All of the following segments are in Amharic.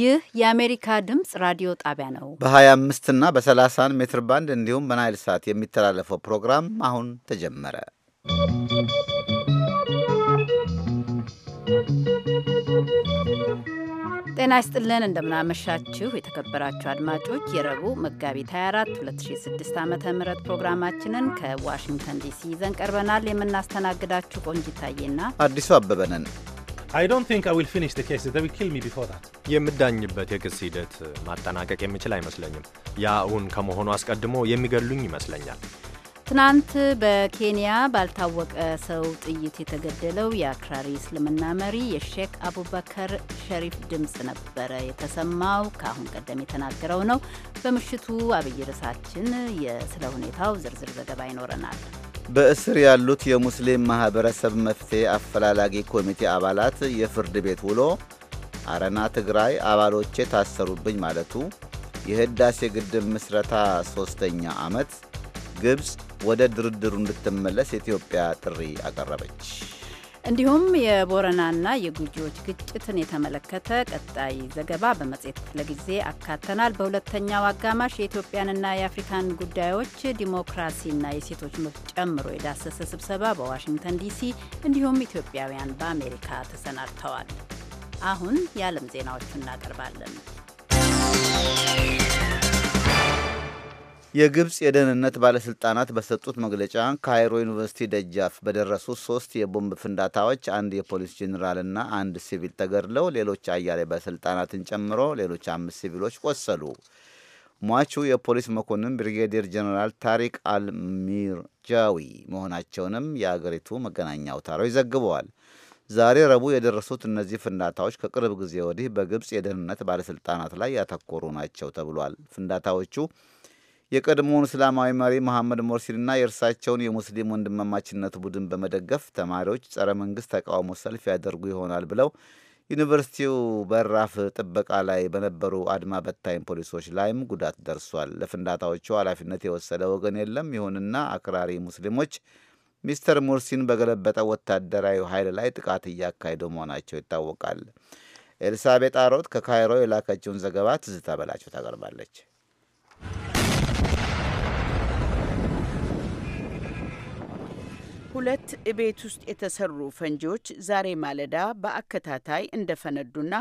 ይህ የአሜሪካ ድምፅ ራዲዮ ጣቢያ ነው። በ25 እና በ30 ሜትር ባንድ እንዲሁም በናይል ሳት የሚተላለፈው ፕሮግራም አሁን ተጀመረ። ጤና ይስጥልን እንደምናመሻችሁ የተከበራችሁ አድማጮች የረቡዕ መጋቢት 24 2006 ዓ ም ፕሮግራማችንን ከዋሽንግተን ዲሲ ይዘን ቀርበናል። የምናስተናግዳችሁ ቆንጂታዬና አዲሱ አበበ ነን። የምዳኝበት የክስ ሂደት ማጠናቀቅ የምችል አይመስለኝም። ያ እውን ከመሆኑ አስቀድሞ የሚገሉኝ ይመስለኛል። ትናንት በኬንያ ባልታወቀ ሰው ጥይት የተገደለው የአክራሪ እስልምና መሪ የሼክ አቡበከር ሸሪፍ ድምፅ ነበረ የተሰማው። ከአሁን ቀደም የተናገረው ነው። በምሽቱ አብይ ርዕሳችን ስለ ሁኔታው ዝርዝር ዘገባ ይኖረናል። በእስር ያሉት የሙስሊም ማህበረሰብ መፍትሄ አፈላላጊ ኮሚቴ አባላት የፍርድ ቤት ውሎ አረና ትግራይ አባሎቼ ታሰሩብኝ ማለቱ፣ የህዳሴ ግድብ ምስረታ ሶስተኛ ዓመት፣ ግብፅ ወደ ድርድሩ እንድትመለስ ኢትዮጵያ ጥሪ አቀረበች። እንዲሁም የቦረናና የጉጂዎች ግጭትን የተመለከተ ቀጣይ ዘገባ በመጽሔት ክፍለ ጊዜ አካተናል። በሁለተኛው አጋማሽ የኢትዮጵያንና የአፍሪካን ጉዳዮች ዲሞክራሲና የሴቶች መብት ጨምሮ የዳሰሰ ስብሰባ በዋሽንግተን ዲሲ እንዲሁም ኢትዮጵያውያን በአሜሪካ ተሰናድተዋል። አሁን የዓለም ዜናዎቹ እናቀርባለን። የግብፅ የደህንነት ባለስልጣናት በሰጡት መግለጫ ካይሮ ዩኒቨርሲቲ ደጃፍ በደረሱ ሶስት የቦምብ ፍንዳታዎች አንድ የፖሊስ ጄኔራልና አንድ ሲቪል ተገድለው ሌሎች አያሌ ባለስልጣናትን ጨምሮ ሌሎች አምስት ሲቪሎች ቆሰሉ። ሟቹ የፖሊስ መኮንን ብሪጌዲየር ጄኔራል ታሪክ አልሚርጃዊ መሆናቸውንም የአገሪቱ መገናኛ አውታሮች ዘግበዋል። ዛሬ ረቡዕ የደረሱት እነዚህ ፍንዳታዎች ከቅርብ ጊዜ ወዲህ በግብፅ የደህንነት ባለስልጣናት ላይ ያተኮሩ ናቸው ተብሏል። ፍንዳታዎቹ የቀድሞውን እስላማዊ መሪ መሐመድ ሞርሲንና የእርሳቸውን የሙስሊም ወንድማማችነት ቡድን በመደገፍ ተማሪዎች ጸረ መንግስት ተቃውሞ ሰልፍ ያደርጉ ይሆናል ብለው ዩኒቨርሲቲው በራፍ ጥበቃ ላይ በነበሩ አድማ በታኝ ፖሊሶች ላይም ጉዳት ደርሷል። ለፍንዳታዎቹ ኃላፊነት የወሰደ ወገን የለም። ይሁንና አክራሪ ሙስሊሞች ሚስተር ሙርሲን በገለበጠ ወታደራዊ ኃይል ላይ ጥቃት እያካሄዱ መሆናቸው ይታወቃል። ኤልሳቤጥ አሮት ከካይሮ የላከችውን ዘገባ ትዝታ በላቸው ታቀርባለች። ሁለት እቤት ውስጥ የተሰሩ ፈንጂዎች ዛሬ ማለዳ በአከታታይ እንደፈነዱና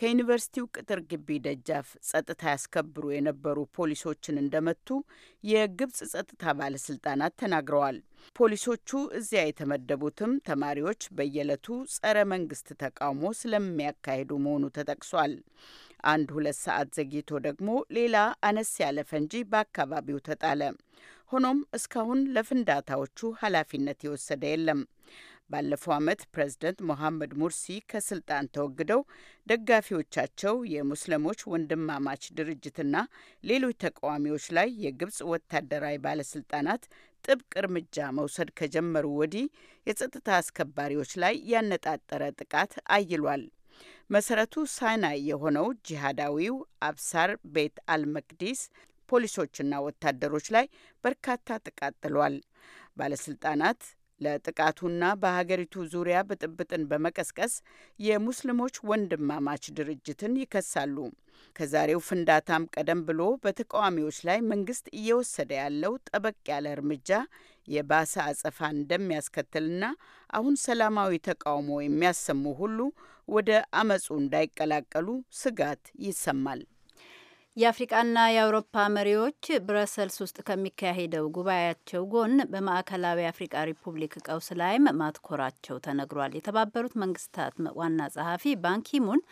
ከዩኒቨርሲቲው ቅጥር ግቢ ደጃፍ ጸጥታ ያስከብሩ የነበሩ ፖሊሶችን እንደመቱ የግብጽ ጸጥታ ባለስልጣናት ተናግረዋል። ፖሊሶቹ እዚያ የተመደቡትም ተማሪዎች በየዕለቱ ጸረ መንግስት ተቃውሞ ስለሚያካሂዱ መሆኑ ተጠቅሷል። አንድ ሁለት ሰዓት ዘግይቶ ደግሞ ሌላ አነስ ያለ ፈንጂ በአካባቢው ተጣለ። ሆኖም እስካሁን ለፍንዳታዎቹ ኃላፊነት የወሰደ የለም። ባለፈው ዓመት ፕሬዝደንት ሞሐመድ ሙርሲ ከስልጣን ተወግደው ደጋፊዎቻቸው የሙስሊሞች ወንድማማች ድርጅትና ሌሎች ተቃዋሚዎች ላይ የግብፅ ወታደራዊ ባለስልጣናት ጥብቅ እርምጃ መውሰድ ከጀመሩ ወዲህ የጸጥታ አስከባሪዎች ላይ ያነጣጠረ ጥቃት አይሏል። መሰረቱ ሳይናይ የሆነው ጂሃዳዊው አብሳር ቤት አልመቅዲስ ፖሊሶችና ወታደሮች ላይ በርካታ ጥቃት ጥሏል። ባለስልጣናት ለጥቃቱና በሀገሪቱ ዙሪያ ብጥብጥን በመቀስቀስ የሙስሊሞች ወንድማማች ድርጅትን ይከሳሉ። ከዛሬው ፍንዳታም ቀደም ብሎ በተቃዋሚዎች ላይ መንግስት እየወሰደ ያለው ጠበቅ ያለ እርምጃ የባሰ አጸፋ እንደሚያስከትልና አሁን ሰላማዊ ተቃውሞ የሚያሰሙ ሁሉ ወደ አመፁ እንዳይቀላቀሉ ስጋት ይሰማል። የአፍሪቃና የአውሮፓ መሪዎች ብረሰልስ ውስጥ ከሚካሄደው ጉባኤያቸው ጎን በማዕከላዊ አፍሪቃ ሪፑብሊክ ቀውስ ላይም ማትኮራቸው ተነግሯል። የተባበሩት መንግስታት ዋና ጸሐፊ ባንኪሙን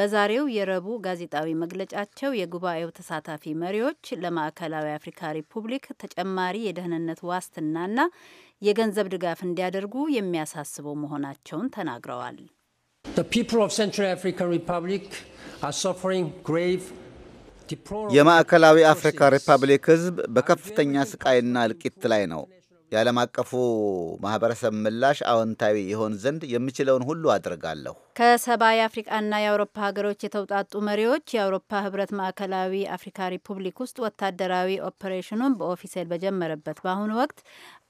በዛሬው የረቡ ጋዜጣዊ መግለጫቸው የጉባኤው ተሳታፊ መሪዎች ለማዕከላዊ አፍሪካ ሪፑብሊክ ተጨማሪ የደህንነት ዋስትናና የገንዘብ ድጋፍ እንዲያደርጉ የሚያሳስበው መሆናቸውን ተናግረዋል። የማዕከላዊ አፍሪካ ሪፐብሊክ ህዝብ በከፍተኛ ስቃይና እልቂት ላይ ነው። የዓለም አቀፉ ማህበረሰብ ምላሽ አዎንታዊ ይሆን ዘንድ የምችለውን ሁሉ አድርጋለሁ። ከሰባ የአፍሪቃና የአውሮፓ ሀገሮች የተውጣጡ መሪዎች የአውሮፓ ህብረት ማዕከላዊ አፍሪካ ሪፑብሊክ ውስጥ ወታደራዊ ኦፕሬሽኑን በኦፊሴል በጀመረበት በአሁኑ ወቅት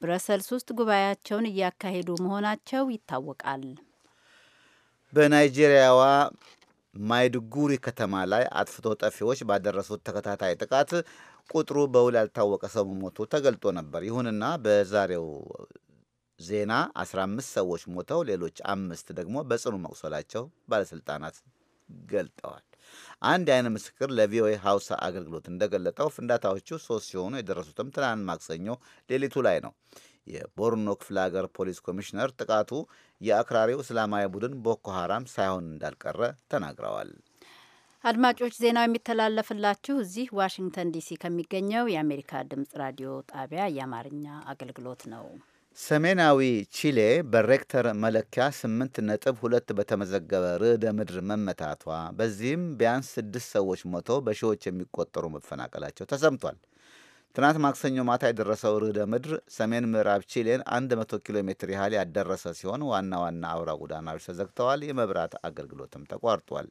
ብረሰልስ ውስጥ ጉባኤያቸውን እያካሄዱ መሆናቸው ይታወቃል። በናይጄሪያዋ ማይድጉሪ ከተማ ላይ አጥፍቶ ጠፊዎች ባደረሱት ተከታታይ ጥቃት ቁጥሩ በውል ያልታወቀ ሰው መሞቱ ተገልጦ ነበር። ይሁንና በዛሬው ዜና 15 ሰዎች ሞተው ሌሎች አምስት ደግሞ በጽኑ መቁሰላቸው ባለስልጣናት ገልጠዋል። አንድ የዓይን ምስክር ለቪኦኤ ሀውሳ አገልግሎት እንደገለጠው ፍንዳታዎቹ ሶስት ሲሆኑ የደረሱትም ትናንት ማክሰኞ ሌሊቱ ላይ ነው። የቦርኖ ክፍለ ሀገር ፖሊስ ኮሚሽነር ጥቃቱ የአክራሪው እስላማዊ ቡድን ቦኮ ሀራም ሳይሆን እንዳልቀረ ተናግረዋል። አድማጮች ዜናው የሚተላለፍላችሁ እዚህ ዋሽንግተን ዲሲ ከሚገኘው የአሜሪካ ድምጽ ራዲዮ ጣቢያ የአማርኛ አገልግሎት ነው። ሰሜናዊ ቺሌ በሬክተር መለኪያ 8 ነጥብ 2 በተመዘገበ ርዕደ ምድር መመታቷ፣ በዚህም ቢያንስ ስድስት ሰዎች ሞተው በሺዎች የሚቆጠሩ መፈናቀላቸው ተሰምቷል። ትናንት ማክሰኞ ማታ የደረሰው ርዕደ ምድር ሰሜን ምዕራብ ቺሌን 100 ኪሎ ሜትር ያህል ያደረሰ ሲሆን ዋና ዋና አውራ ጎዳናዎች ተዘግተዋል፣ የመብራት አገልግሎትም ተቋርጧል።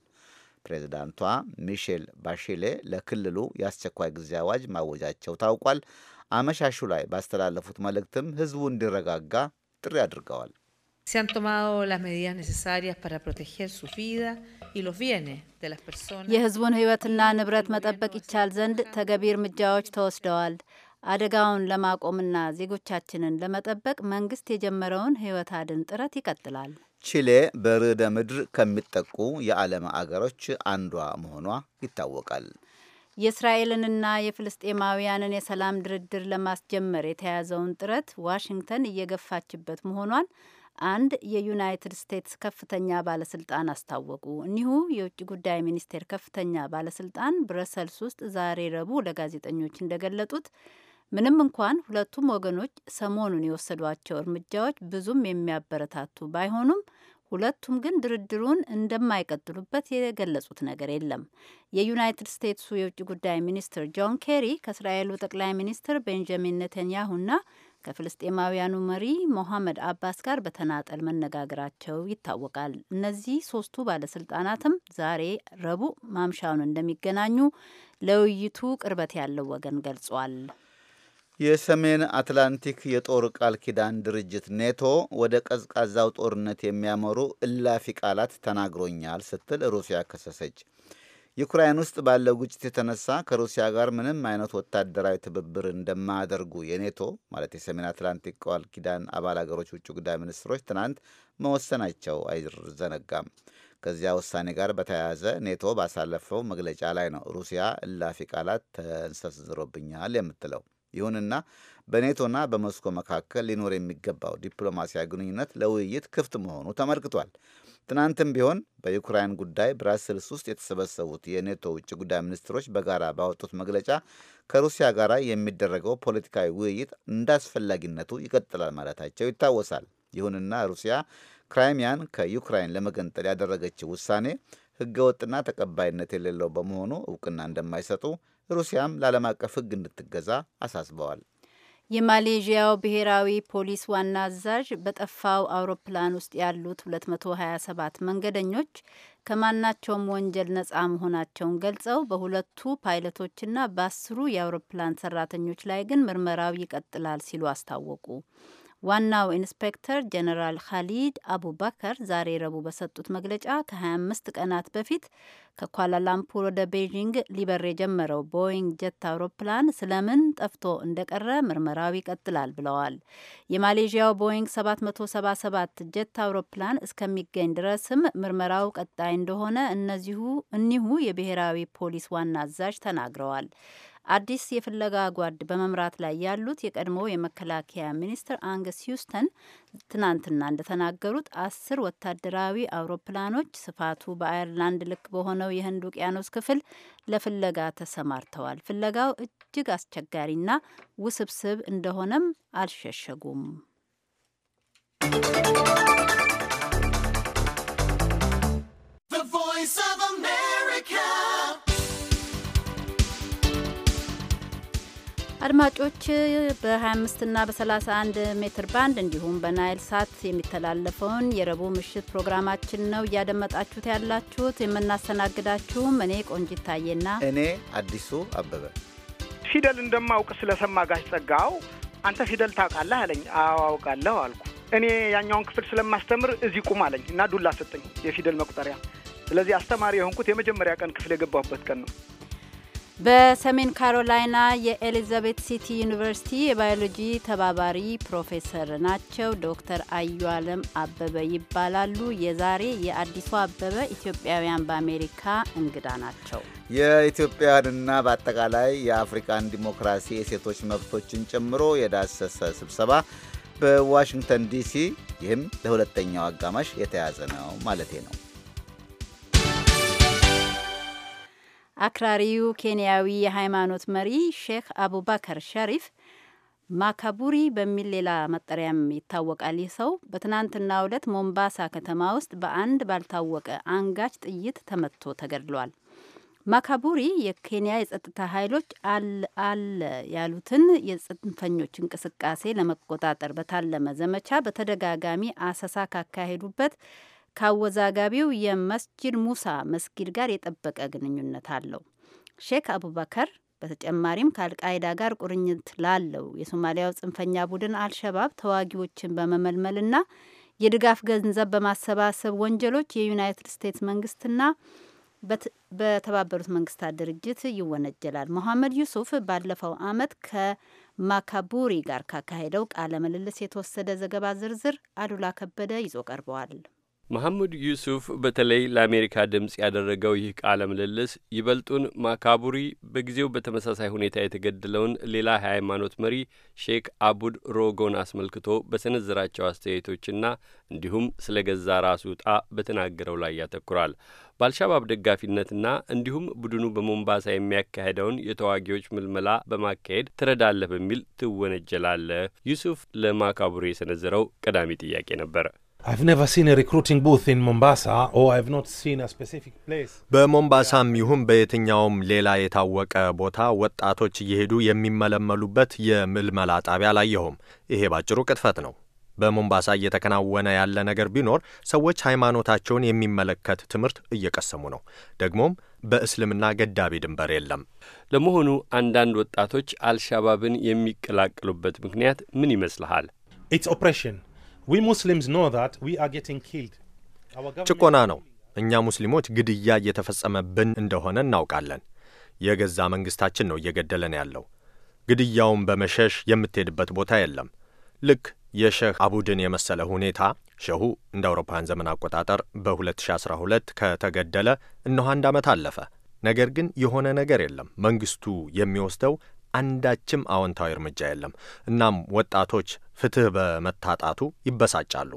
ፕሬዚዳንቷ ሚሼል ባሼሌ ለክልሉ የአስቸኳይ ጊዜ አዋጅ ማወጃቸው ታውቋል። አመሻሹ ላይ ባስተላለፉት መልእክትም ህዝቡ እንዲረጋጋ ጥሪ አድርገዋል። Se han tomado las medidas necesarias para proteger su vida y los bienes de las personas. የህዝቡን ህይወትና ንብረት መጠበቅ ይቻል ዘንድ ተገቢ እርምጃዎች ተወስደዋል። አደጋውን ለማቆምና ዜጎቻችንን ለመጠበቅ መንግስት የጀመረውን ህይወት አድን ጥረት ይቀጥላል። ቺሌ በርዕደ ምድር ከሚጠቁ የዓለም አገሮች አንዷ መሆኗ ይታወቃል። የእስራኤልንና የፍልስጤማውያንን የሰላም ድርድር ለማስጀመር የተያዘውን ጥረት ዋሽንግተን እየገፋችበት መሆኗን አንድ የዩናይትድ ስቴትስ ከፍተኛ ባለስልጣን አስታወቁ። እኒሁ የውጭ ጉዳይ ሚኒስቴር ከፍተኛ ባለስልጣን ብረሰልስ ውስጥ ዛሬ ረቡዕ ለጋዜጠኞች እንደገለጡት ምንም እንኳን ሁለቱም ወገኖች ሰሞኑን የወሰዷቸው እርምጃዎች ብዙም የሚያበረታቱ ባይሆኑም ሁለቱም ግን ድርድሩን እንደማይቀጥሉበት የገለጹት ነገር የለም። የዩናይትድ ስቴትሱ የውጭ ጉዳይ ሚኒስትር ጆን ኬሪ ከእስራኤሉ ጠቅላይ ሚኒስትር ቤንጃሚን ኔተንያሁና ከፍልስጤማውያኑ መሪ ሞሐመድ አባስ ጋር በተናጠል መነጋገራቸው ይታወቃል። እነዚህ ሶስቱ ባለስልጣናትም ዛሬ ረቡዕ ማምሻውን እንደሚገናኙ ለውይይቱ ቅርበት ያለው ወገን ገልጿል። የሰሜን አትላንቲክ የጦር ቃል ኪዳን ድርጅት ኔቶ ወደ ቀዝቃዛው ጦርነት የሚያመሩ እላፊ ቃላት ተናግሮኛል ስትል ሩሲያ ከሰሰች። ዩክራይን ውስጥ ባለው ግጭት የተነሳ ከሩሲያ ጋር ምንም አይነት ወታደራዊ ትብብር እንደማያደርጉ የኔቶ ማለት የሰሜን አትላንቲክ ቃል ኪዳን አባል አገሮች ውጭ ጉዳይ ሚኒስትሮች ትናንት መወሰናቸው አይዘነጋም። ከዚያ ውሳኔ ጋር በተያያዘ ኔቶ ባሳለፈው መግለጫ ላይ ነው ሩሲያ እላፊ ቃላት ተንሰስዝሮብኛል የምትለው። ይሁንና በኔቶና በሞስኮ መካከል ሊኖር የሚገባው ዲፕሎማሲያዊ ግንኙነት ለውይይት ክፍት መሆኑ ተመልክቷል። ትናንትም ቢሆን በዩክራይን ጉዳይ ብራስልስ ውስጥ የተሰበሰቡት የኔቶ ውጭ ጉዳይ ሚኒስትሮች በጋራ ባወጡት መግለጫ ከሩሲያ ጋር የሚደረገው ፖለቲካዊ ውይይት እንዳስፈላጊነቱ ይቀጥላል ማለታቸው ይታወሳል። ይሁንና ሩሲያ ክራይሚያን ከዩክራይን ለመገንጠል ያደረገችው ውሳኔ ሕገወጥና ተቀባይነት የሌለው በመሆኑ እውቅና እንደማይሰጡ ሩሲያም ለዓለም አቀፍ ሕግ እንድትገዛ አሳስበዋል። የማሌዥያው ብሔራዊ ፖሊስ ዋና አዛዥ በጠፋው አውሮፕላን ውስጥ ያሉት 227 መንገደኞች ከማናቸውም ወንጀል ነጻ መሆናቸውን ገልጸው በሁለቱ ፓይለቶችና በአስሩ የአውሮፕላን ሰራተኞች ላይ ግን ምርመራው ይቀጥላል ሲሉ አስታወቁ። ዋናው ኢንስፔክተር ጀነራል ካሊድ አቡበከር ዛሬ ረቡዕ በሰጡት መግለጫ ከ25 ቀናት በፊት ከኳላላምፑር ወደ ቤይዥንግ ሊበር የጀመረው ቦይንግ ጀት አውሮፕላን ስለምን ጠፍቶ እንደቀረ ምርመራው ይቀጥላል ብለዋል። የማሌዥያው ቦይንግ 777 ጀት አውሮፕላን እስከሚገኝ ድረስም ምርመራው ቀጣይ እንደሆነ እነዚሁ እኒሁ የብሔራዊ ፖሊስ ዋና አዛዥ ተናግረዋል። አዲስ የፍለጋ ጓድ በመምራት ላይ ያሉት የቀድሞ የመከላከያ ሚኒስትር አንገስ ሂውስተን ትናንትና እንደተናገሩት አስር ወታደራዊ አውሮፕላኖች ስፋቱ በአየርላንድ ልክ በሆነው የህንድ ውቅያኖስ ክፍል ለፍለጋ ተሰማርተዋል። ፍለጋው እጅግ አስቸጋሪና ውስብስብ እንደሆነም አልሸሸጉም። አድማጮች በ25 እና በ31 ሜትር ባንድ እንዲሁም በናይል ሳት የሚተላለፈውን የረቡዕ ምሽት ፕሮግራማችን ነው እያደመጣችሁት ያላችሁት። የምናስተናግዳችሁም እኔ ቆንጂት ታዬና እኔ አዲሱ አበበ። ፊደል እንደማውቅ ስለሰማ ጋሽ ጸጋው አንተ ፊደል ታውቃለህ አለኝ። አዋውቃለሁ አልኩ። እኔ ያኛውን ክፍል ስለማስተምር እዚህ ቁም አለኝ እና ዱላ ሰጠኝ፣ የፊደል መቁጠሪያ። ስለዚህ አስተማሪ የሆንኩት የመጀመሪያ ቀን ክፍል የገባሁበት ቀን ነው። በሰሜን ካሮላይና የኤሊዛቤት ሲቲ ዩኒቨርሲቲ የባዮሎጂ ተባባሪ ፕሮፌሰር ናቸው። ዶክተር አዩ አለም አበበ ይባላሉ። የዛሬ የአዲሱ አበበ ኢትዮጵያውያን በአሜሪካ እንግዳ ናቸው። የኢትዮጵያንና በአጠቃላይ የአፍሪካን ዲሞክራሲ የሴቶች መብቶችን ጨምሮ የዳሰሰ ስብሰባ በዋሽንግተን ዲሲ ይህም ለሁለተኛው አጋማሽ የተያዘ ነው ማለቴ ነው። አክራሪው ኬንያዊ የሃይማኖት መሪ ሼክ አቡባከር ሸሪፍ ማካቡሪ በሚል ሌላ መጠሪያም ይታወቃል። ይህ ሰው በትናንትና ዕለት ሞምባሳ ከተማ ውስጥ በአንድ ባልታወቀ አንጋች ጥይት ተመትቶ ተገድሏል። ማካቡሪ የኬንያ የጸጥታ ኃይሎች አለ ያሉትን የጽንፈኞች እንቅስቃሴ ለመቆጣጠር በታለመ ዘመቻ በተደጋጋሚ አሰሳ ካካሄዱበት ከአወዛጋቢው የመስጅድ ሙሳ መስጊድ ጋር የጠበቀ ግንኙነት አለው። ሼክ አቡበከር በተጨማሪም ከአልቃይዳ ጋር ቁርኝት ላለው የሶማሊያው ጽንፈኛ ቡድን አልሸባብ ተዋጊዎችን በመመልመልና የድጋፍ ገንዘብ በማሰባሰብ ወንጀሎች የዩናይትድ ስቴትስ መንግስትና በተባበሩት መንግስታት ድርጅት ይወነጀላል። መሐመድ ዩሱፍ ባለፈው አመት ከማካቡሪ ጋር ካካሄደው ቃለ ምልልስ የተወሰደ ዘገባ ዝርዝር አሉላ ከበደ ይዞ ቀርበዋል። መሐሙድ ዩሱፍ በተለይ ለአሜሪካ ድምፅ ያደረገው ይህ ቃለ ምልልስ ይበልጡን ማካቡሪ በጊዜው በተመሳሳይ ሁኔታ የተገደለውን ሌላ የሃይማኖት መሪ ሼክ አቡድ ሮጎን አስመልክቶ በሰነዘራቸው አስተያየቶችና እንዲሁም ስለ ገዛ ራሱ ጣ በተናገረው ላይ ያተኩራል። በአልሻባብ ደጋፊነትና እንዲሁም ቡድኑ በሞምባሳ የሚያካሄደውን የተዋጊዎች ምልመላ በማካሄድ ትረዳለህ በሚል ትወነጀላለህ። ዩሱፍ ለማካቡሪ የሰነዘረው ቀዳሚ ጥያቄ ነበር። በሞምባሳም ይሁን በየትኛውም ሌላ የታወቀ ቦታ ወጣቶች እየሄዱ የሚመለመሉበት የምልመላ ጣቢያ አላየሁም። ይሄ ባጭሩ ቅጥፈት ነው። በሞምባሳ እየተከናወነ ያለ ነገር ቢኖር ሰዎች ሃይማኖታቸውን የሚመለከት ትምህርት እየቀሰሙ ነው። ደግሞም በእስልምና ገዳቢ ድንበር የለም። ለመሆኑ አንዳንድ ወጣቶች አልሻባብን የሚቀላቀሉበት ምክንያት ምን ይመስልሃል? ኢትስ ኦፕሬሽን ጭቆና ነው። እኛ ሙስሊሞች ግድያ እየተፈጸመብን እንደሆነ እናውቃለን። የገዛ መንግሥታችን ነው እየገደለን ያለው። ግድያውን በመሸሽ የምትሄድበት ቦታ የለም። ልክ የሼህ አቡድን የመሰለ ሁኔታ ሸሁ እንደ አውሮፓውያን ዘመን አቆጣጠር በ2012 ከተገደለ እነሆ አንድ ዓመት አለፈ። ነገር ግን የሆነ ነገር የለም። መንግስቱ የሚወስደው አንዳችም አዎንታዊ እርምጃ የለም። እናም ወጣቶች ፍትህ በመታጣቱ ይበሳጫሉ።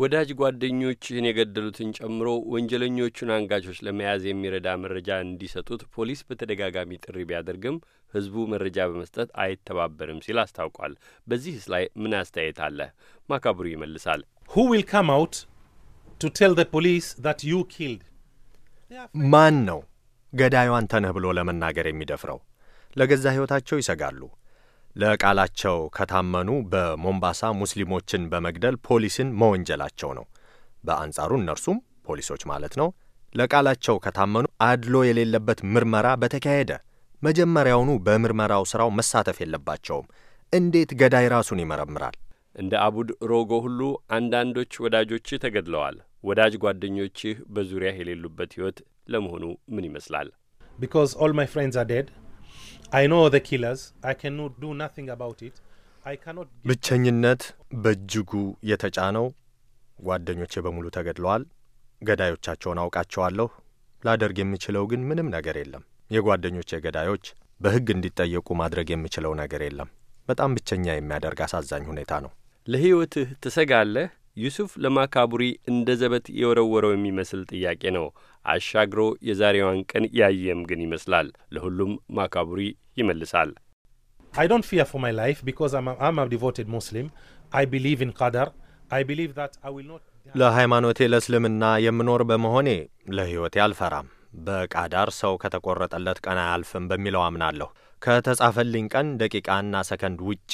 ወዳጅ ጓደኞችህን የገደሉትን ጨምሮ ወንጀለኞቹን አንጋቾች ለመያዝ የሚረዳ መረጃ እንዲሰጡት ፖሊስ በተደጋጋሚ ጥሪ ቢያደርግም ህዝቡ መረጃ በመስጠት አይተባበርም ሲል አስታውቋል። በዚህስ ላይ ምን አስተያየት አለ? ማካብሩ ይመልሳል። Who will come out to tell ማን ነው ገዳዩ አንተ ነህ ብሎ ለመናገር የሚደፍረው? ለገዛ ሕይወታቸው ይሰጋሉ። ለቃላቸው ከታመኑ በሞምባሳ ሙስሊሞችን በመግደል ፖሊስን መወንጀላቸው ነው። በአንጻሩ እነርሱም ፖሊሶች ማለት ነው፣ ለቃላቸው ከታመኑ አድሎ የሌለበት ምርመራ በተካሄደ መጀመሪያውኑ በምርመራው ሥራው መሳተፍ የለባቸውም። እንዴት ገዳይ ራሱን ይመረምራል? እንደ አቡድ ሮጎ ሁሉ አንዳንዶች ወዳጆች ተገድለዋል። ወዳጅ ጓደኞችህ በዙሪያህ የሌሉበት ሕይወት ለመሆኑ ምን ይመስላል? ቢኮዝ ኦል ማይ ፍሬንድስ አር ዴድ ብቸኝነት በእጅጉ የተጫነው ጓደኞቼ በሙሉ ተገድለዋል። ገዳዮቻቸውን አውቃቸዋለሁ። ላደርግ የምችለው ግን ምንም ነገር የለም። የጓደኞቼ ገዳዮች በሕግ እንዲጠየቁ ማድረግ የምችለው ነገር የለም። በጣም ብቸኛ የሚያደርግ አሳዛኝ ሁኔታ ነው። ለሕይወትህ ትሰጋለህ? ዩሱፍ ለማካቡሪ እንደ ዘበት የወረወረው የሚመስል ጥያቄ ነው። አሻግሮ የዛሬዋን ቀን ያየም ግን ይመስላል። ለሁሉም ማካቡሪ ይመልሳል። I don't fear for my life because I'm a, I'm a devoted ለሃይማኖቴ ለእስልምና የምኖር በመሆኔ ለሕይወቴ አልፈራም። በቃዳር ሰው ከተቆረጠለት ቀን አያልፍም በሚለው አምናለሁ። ከተጻፈልኝ ቀን ደቂቃና ሰከንድ ውጪ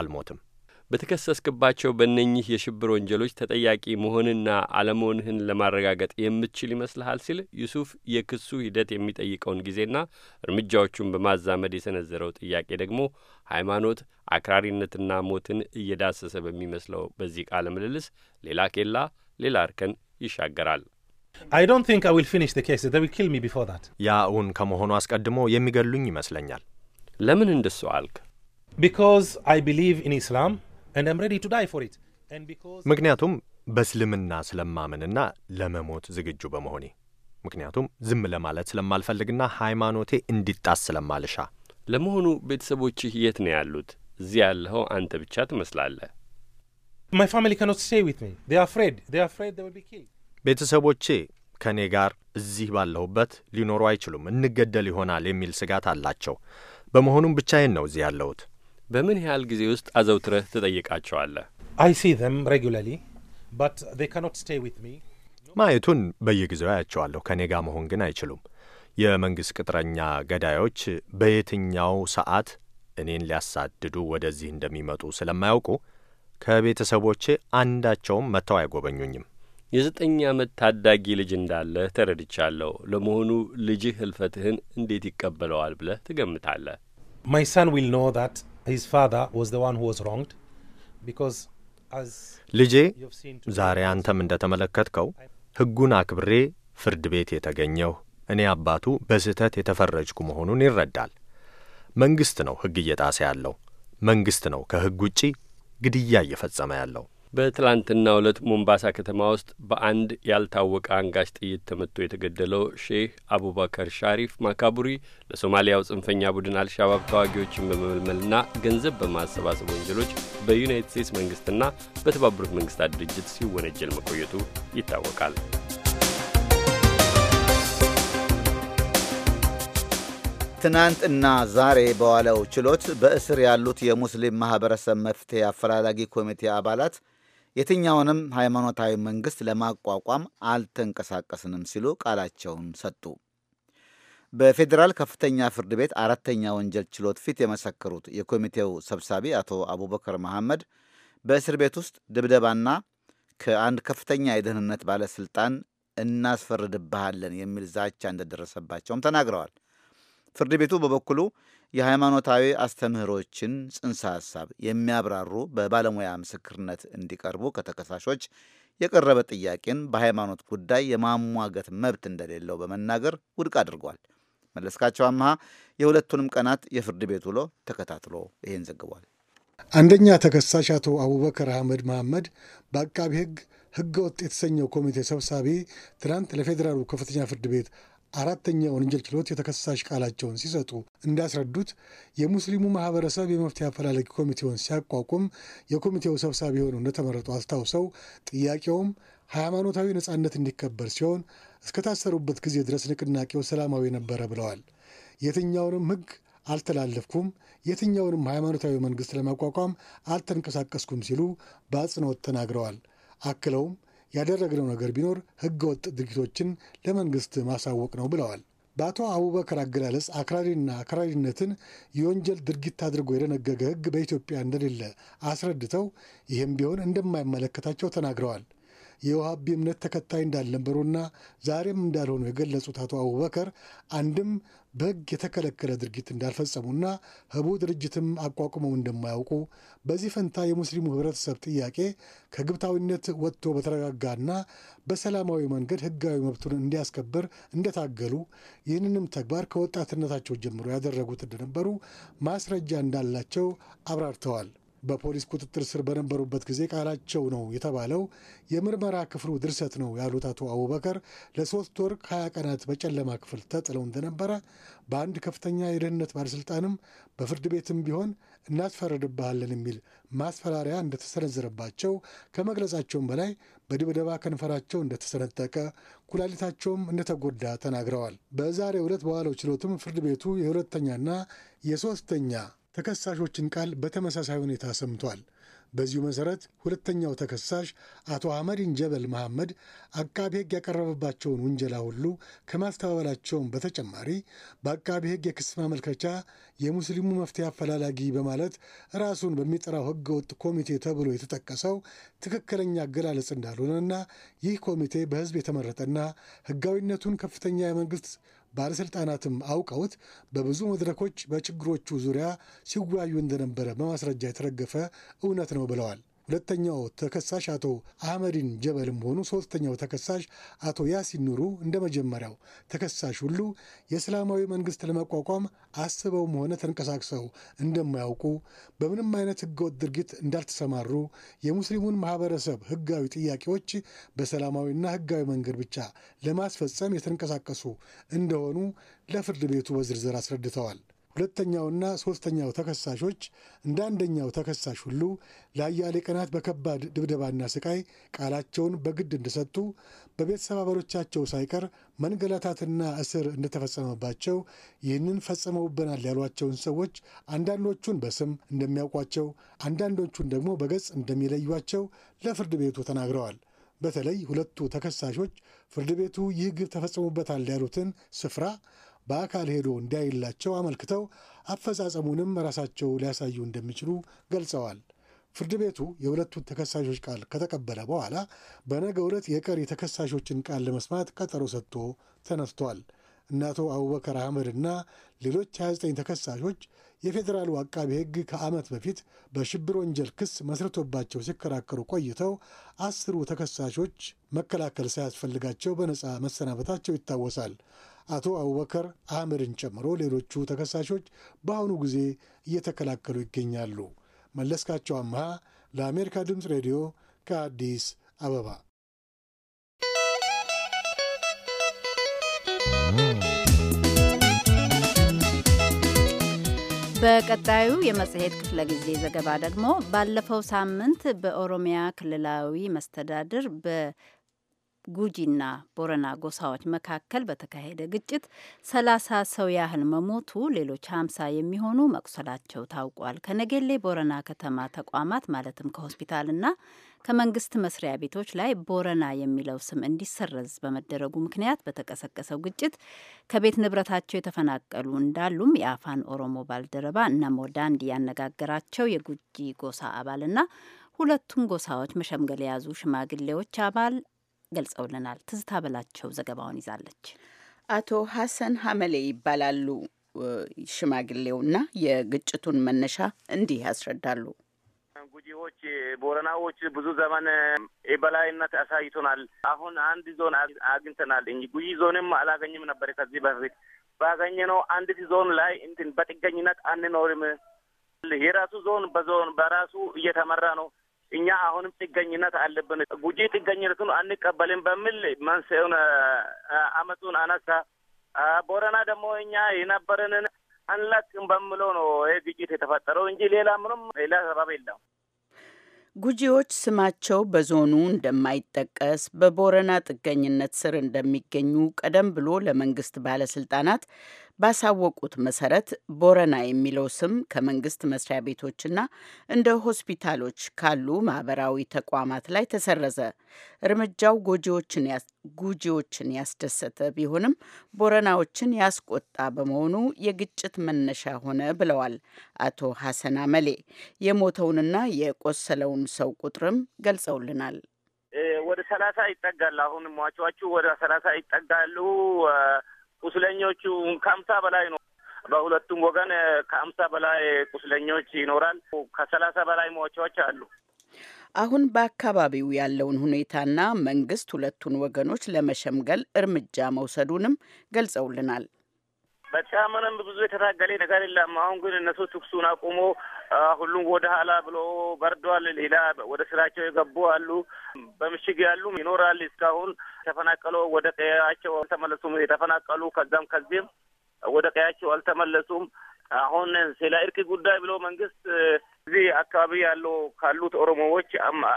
አልሞትም። በተከሰስክባቸው በእነኚህ የሽብር ወንጀሎች ተጠያቂ መሆንና አለመሆንህን ለማረጋገጥ የምትችል ይመስልሃል? ሲል ዩሱፍ የክሱ ሂደት የሚጠይቀውን ጊዜና እርምጃዎቹን በማዛመድ የሰነዘረው ጥያቄ ደግሞ ሃይማኖት፣ አክራሪነትና ሞትን እየዳሰሰ በሚመስለው በዚህ ቃለ ምልልስ ሌላ ኬላ ሌላ እርከን ይሻገራል። I don't think I will finish the case. They will kill me before that. ያ እውን ከመሆኑ አስቀድሞ የሚገሉኝ ይመስለኛል። ለምን እንደሱ አልክ? Because I believe in Islam. ምክንያቱም በእስልምና ስለማምንና ለመሞት ዝግጁ በመሆኔ ምክንያቱም ዝም ለማለት ስለማልፈልግና ሃይማኖቴ እንዲጣስ ስለማልሻ። ለመሆኑ ቤተሰቦችህ የት ነው ያሉት? እዚህ ያለኸው አንተ ብቻ ትመስላለህ። ቤተሰቦቼ ከእኔ ጋር እዚህ ባለሁበት ሊኖሩ አይችሉም፣ እንገደል ይሆናል የሚል ስጋት አላቸው። በመሆኑም ብቻዬን ነው እዚህ ያለሁት። በምን ያህል ጊዜ ውስጥ አዘውትረህ ትጠይቃቸዋለህ? ማየቱን በየጊዜው አያቸዋለሁ። ከእኔ ጋር መሆን ግን አይችሉም። የመንግሥት ቅጥረኛ ገዳዮች በየትኛው ሰዓት እኔን ሊያሳድዱ ወደዚህ እንደሚመጡ ስለማያውቁ ከቤተሰቦቼ አንዳቸውም መጥተው አይጎበኙኝም። የዘጠኝ ዓመት ታዳጊ ልጅ እንዳለህ ተረድቻለሁ። ለመሆኑ ልጅህ ህልፈትህን እንዴት ይቀበለዋል ብለህ ትገምታለህ? ማይ ሰን ዊል ኖ ዛት ልጄ ዛሬ አንተም እንደተመለከትከው ሕጉን አክብሬ ፍርድ ቤት የተገኘሁ እኔ አባቱ በስህተት የተፈረጅኩ መሆኑን ይረዳል። መንግሥት ነው ሕግ እየጣሰ ያለው። መንግሥት ነው ከሕግ ውጪ ግድያ እየፈጸመ ያለው። በትላንትና ዕለት ሞምባሳ ከተማ ውስጥ በአንድ ያልታወቀ አንጋች ጥይት ተመቶ የተገደለው ሼህ አቡበከር ሻሪፍ ማካቡሪ ለሶማሊያው ጽንፈኛ ቡድን አልሻባብ ተዋጊዎችን በመመልመልና ገንዘብ በማሰባሰብ ወንጀሎች በዩናይትድ ስቴትስ መንግስትና በተባበሩት መንግስታት ድርጅት ሲወነጀል መቆየቱ ይታወቃል። ትናንትና ዛሬ በዋለው ችሎት በእስር ያሉት የሙስሊም ማህበረሰብ መፍትሄ አፈላላጊ ኮሚቴ አባላት የትኛውንም ሃይማኖታዊ መንግሥት ለማቋቋም አልተንቀሳቀስንም ሲሉ ቃላቸውን ሰጡ። በፌዴራል ከፍተኛ ፍርድ ቤት አራተኛ ወንጀል ችሎት ፊት የመሰከሩት የኮሚቴው ሰብሳቢ አቶ አቡበከር መሐመድ በእስር ቤት ውስጥ ድብደባና ከአንድ ከፍተኛ የደህንነት ባለሥልጣን እናስፈርድብሃለን የሚል ዛቻ እንደደረሰባቸውም ተናግረዋል። ፍርድ ቤቱ በበኩሉ የሃይማኖታዊ አስተምህሮችን ጽንሰ ሐሳብ የሚያብራሩ በባለሙያ ምስክርነት እንዲቀርቡ ከተከሳሾች የቀረበ ጥያቄን በሃይማኖት ጉዳይ የማሟገት መብት እንደሌለው በመናገር ውድቅ አድርጓል። መለስካቸው አምሃ የሁለቱንም ቀናት የፍርድ ቤት ውሎ ተከታትሎ ይህን ዘግቧል። አንደኛ ተከሳሽ አቶ አቡበከር አህመድ መሐመድ በአቃቢ ሕግ ሕገ ወጥ የተሰኘው ኮሚቴ ሰብሳቢ ትናንት ለፌዴራሉ ከፍተኛ ፍርድ ቤት አራተኛ ወንጀል ችሎት የተከሳሽ ቃላቸውን ሲሰጡ እንዳስረዱት የሙስሊሙ ማህበረሰብ የመፍትሄ አፈላለጊ ኮሚቴውን ሲያቋቁም የኮሚቴው ሰብሳቢ ሆነው እንደተመረጡ አስታውሰው ጥያቄውም ሃይማኖታዊ ነጻነት እንዲከበር ሲሆን እስከታሰሩበት ጊዜ ድረስ ንቅናቄው ሰላማዊ ነበረ ብለዋል። የትኛውንም ህግ አልተላለፍኩም፣ የትኛውንም ሃይማኖታዊ መንግስት ለማቋቋም አልተንቀሳቀስኩም ሲሉ በአጽንኦት ተናግረዋል። አክለውም ያደረግነው ነገር ቢኖር ህገወጥ ድርጊቶችን ለመንግስት ማሳወቅ ነው ብለዋል። በአቶ አቡበከር አገላለጽ አክራሪና አክራሪነትን የወንጀል ድርጊት አድርጎ የደነገገ ህግ በኢትዮጵያ እንደሌለ አስረድተው ይህም ቢሆን እንደማይመለከታቸው ተናግረዋል። የውሃቢ እምነት ተከታይ እንዳልነበሩና ዛሬም እንዳልሆኑ የገለጹት አቶ አቡበከር አንድም በሕግ የተከለከለ ድርጊት እንዳልፈጸሙና ህቡ ድርጅትም አቋቁመው እንደማያውቁ በዚህ ፈንታ የሙስሊሙ ህብረተሰብ ጥያቄ ከግብታዊነት ወጥቶ በተረጋጋና በሰላማዊ መንገድ ህጋዊ መብቱን እንዲያስከብር እንደታገሉ ይህንንም ተግባር ከወጣትነታቸው ጀምሮ ያደረጉት እንደነበሩ ማስረጃ እንዳላቸው አብራርተዋል። በፖሊስ ቁጥጥር ስር በነበሩበት ጊዜ ቃላቸው ነው የተባለው የምርመራ ክፍሉ ድርሰት ነው ያሉት አቶ አቡበከር ለሶስት ወር ከሀያ ቀናት በጨለማ ክፍል ተጥለው እንደነበረ በአንድ ከፍተኛ የደህንነት ባለስልጣንም በፍርድ ቤትም ቢሆን እናስፈረድብሃለን የሚል ማስፈራሪያ እንደተሰነዘረባቸው ከመግለጻቸውም በላይ በድብደባ ከንፈራቸው እንደተሰነጠቀ፣ ኩላሊታቸውም እንደተጎዳ ተናግረዋል። በዛሬ ዕለት በዋለው ችሎትም ፍርድ ቤቱ የሁለተኛና የሶስተኛ ተከሳሾችን ቃል በተመሳሳይ ሁኔታ ሰምቷል። በዚሁ መሠረት ሁለተኛው ተከሳሽ አቶ አህመዲን ጀበል መሐመድ አቃቢ ሕግ ያቀረበባቸውን ውንጀላ ሁሉ ከማስተባበላቸውም በተጨማሪ በአቃቢ ሕግ የክስ ማመልከቻ የሙስሊሙ መፍትሄ አፈላላጊ በማለት ራሱን በሚጠራው ሕገ ወጥ ኮሚቴ ተብሎ የተጠቀሰው ትክክለኛ አገላለጽ እንዳልሆነና ይህ ኮሚቴ በሕዝብ የተመረጠና ሕጋዊነቱን ከፍተኛ የመንግስት ባለሥልጣናትም አውቀውት በብዙ መድረኮች በችግሮቹ ዙሪያ ሲወያዩ እንደነበረ በማስረጃ የተደገፈ እውነት ነው ብለዋል። ሁለተኛው ተከሳሽ አቶ አህመዲን ጀበልም ሆኑ ሶስተኛው ተከሳሽ አቶ ያሲን ኑሩ እንደ መጀመሪያው ተከሳሽ ሁሉ የእስላማዊ መንግስት ለመቋቋም አስበውም ሆነ ተንቀሳቅሰው እንደማያውቁ፣ በምንም አይነት ህገወጥ ድርጊት እንዳልተሰማሩ፣ የሙስሊሙን ማህበረሰብ ህጋዊ ጥያቄዎች በሰላማዊና ህጋዊ መንገድ ብቻ ለማስፈጸም የተንቀሳቀሱ እንደሆኑ ለፍርድ ቤቱ በዝርዝር አስረድተዋል። ሁለተኛውና ሦስተኛው ተከሳሾች እንደ አንደኛው ተከሳሽ ሁሉ ለአያሌ ቀናት በከባድ ድብደባና ስቃይ ቃላቸውን በግድ እንደሰጡ በቤተሰብ አባሎቻቸው ሳይቀር መንገላታትና እስር እንደተፈጸመባቸው ይህንን ፈጽመውብናል ያሏቸውን ሰዎች አንዳንዶቹን በስም እንደሚያውቋቸው፣ አንዳንዶቹን ደግሞ በገጽ እንደሚለዩቸው ለፍርድ ቤቱ ተናግረዋል። በተለይ ሁለቱ ተከሳሾች ፍርድ ቤቱ ይህ ግብ ተፈጽሞበታል ያሉትን ስፍራ በአካል ሄዶ እንዲያይላቸው አመልክተው አፈጻጸሙንም ራሳቸው ሊያሳዩ እንደሚችሉ ገልጸዋል። ፍርድ ቤቱ የሁለቱን ተከሳሾች ቃል ከተቀበለ በኋላ በነገ ዕለት የቀሪ ተከሳሾችን ቃል ለመስማት ቀጠሮ ሰጥቶ ተነስቷል። እነ አቶ አቡበከር እና ሌሎች 29 ተከሳሾች የፌዴራሉ አቃቢ ሕግ ከዓመት በፊት በሽብር ወንጀል ክስ መስርቶባቸው ሲከራከሩ ቆይተው አስሩ ተከሳሾች መከላከል ሳያስፈልጋቸው በነፃ መሰናበታቸው ይታወሳል። አቶ አቡበከር አህመድን ጨምሮ ሌሎቹ ተከሳሾች በአሁኑ ጊዜ እየተከላከሉ ይገኛሉ። መለስካቸው አመሃ ለአሜሪካ ድምፅ ሬዲዮ ከአዲስ አበባ። በቀጣዩ የመጽሔት ክፍለ ጊዜ ዘገባ ደግሞ ባለፈው ሳምንት በኦሮሚያ ክልላዊ መስተዳድር በ ጉጂና ቦረና ጎሳዎች መካከል በተካሄደ ግጭት ሰላሳ ሰው ያህል መሞቱ ሌሎች ሀምሳ የሚሆኑ መቁሰላቸው ታውቋል። ከነገሌ ቦረና ከተማ ተቋማት ማለትም ከሆስፒታልና ከመንግስት መስሪያ ቤቶች ላይ ቦረና የሚለው ስም እንዲሰረዝ በመደረጉ ምክንያት በተቀሰቀሰው ግጭት ከቤት ንብረታቸው የተፈናቀሉ እንዳሉም የአፋን ኦሮሞ ባልደረባ ነሞ ዳንድ ያነጋገራቸው የጉጂ ጎሳ አባልና ሁለቱን ጎሳዎች መሸምገል የያዙ ሽማግሌዎች አባል ገልጸውልናል። ትዝታ በላቸው ዘገባውን ይዛለች። አቶ ሀሰን ሀመሌ ይባላሉ ሽማግሌውና የግጭቱን መነሻ እንዲህ ያስረዳሉ። ጉጂዎች፣ ቦረናዎች ብዙ ዘመን የበላይነት አሳይቶናል። አሁን አንድ ዞን አግኝተናል እንጂ ጉጂ ዞንም አላገኝም ነበር ከዚህ በፊት ባገኘነው አንዲት ዞን ላይ እንትን በጥገኝነት አንኖርም። የራሱ ዞን በዞን በራሱ እየተመራ ነው። እኛ አሁንም ጥገኝነት አለብን፣ ጉጂ ጥገኝነቱን አንቀበልም በሚል መንስኤውን አመቱን አነሳ። ቦረና ደግሞ እኛ የነበረንን አንላቅም በምሎ ነው ይህ ግጭት የተፈጠረው እንጂ ሌላ ምንም ሌላ ሰበብ የለም። ጉጂዎች ስማቸው በዞኑ እንደማይጠቀስ በቦረና ጥገኝነት ስር እንደሚገኙ ቀደም ብሎ ለመንግስት ባለስልጣናት ባሳወቁት መሰረት ቦረና የሚለው ስም ከመንግስት መስሪያ ቤቶችና እንደ ሆስፒታሎች ካሉ ማህበራዊ ተቋማት ላይ ተሰረዘ። እርምጃው ጉጂዎችን ያስደሰተ ቢሆንም ቦረናዎችን ያስቆጣ በመሆኑ የግጭት መነሻ ሆነ ብለዋል አቶ ሀሰን አመሌ። የሞተውንና የቆሰለውን ሰው ቁጥርም ገልጸውልናል። ወደ ሰላሳ ይጠጋል። አሁን ሟቸዋችሁ ወደ ሰላሳ ይጠጋሉ። ቁስለኞቹ ከአምሳ በላይ ነው። በሁለቱም ወገን ከአምሳ በላይ ቁስለኞች ይኖራል። ከሰላሳ በላይ ሟቾች አሉ። አሁን በአካባቢው ያለውን ሁኔታና መንግስት ሁለቱን ወገኖች ለመሸምገል እርምጃ መውሰዱንም ገልጸውልናል። በጣም ምንም ብዙ የተታገለ ነገር የለም። አሁን ግን እነሱ ትኩሱን አቁሞ ሁሉም ወደ ኋላ ብሎ በርዷል። ሌላ ወደ ስራቸው የገቡ አሉ፣ በምሽግ ያሉም ይኖራል እስካሁን የተፈናቀሉ ወደ ቀያቸው አልተመለሱም። የተፈናቀሉ ከዛም ከዚህም ወደ ቀያቸው አልተመለሱም። አሁን ስለ እርቅ ጉዳይ ብሎ መንግስት እዚህ አካባቢ ያሉ ካሉት ኦሮሞዎች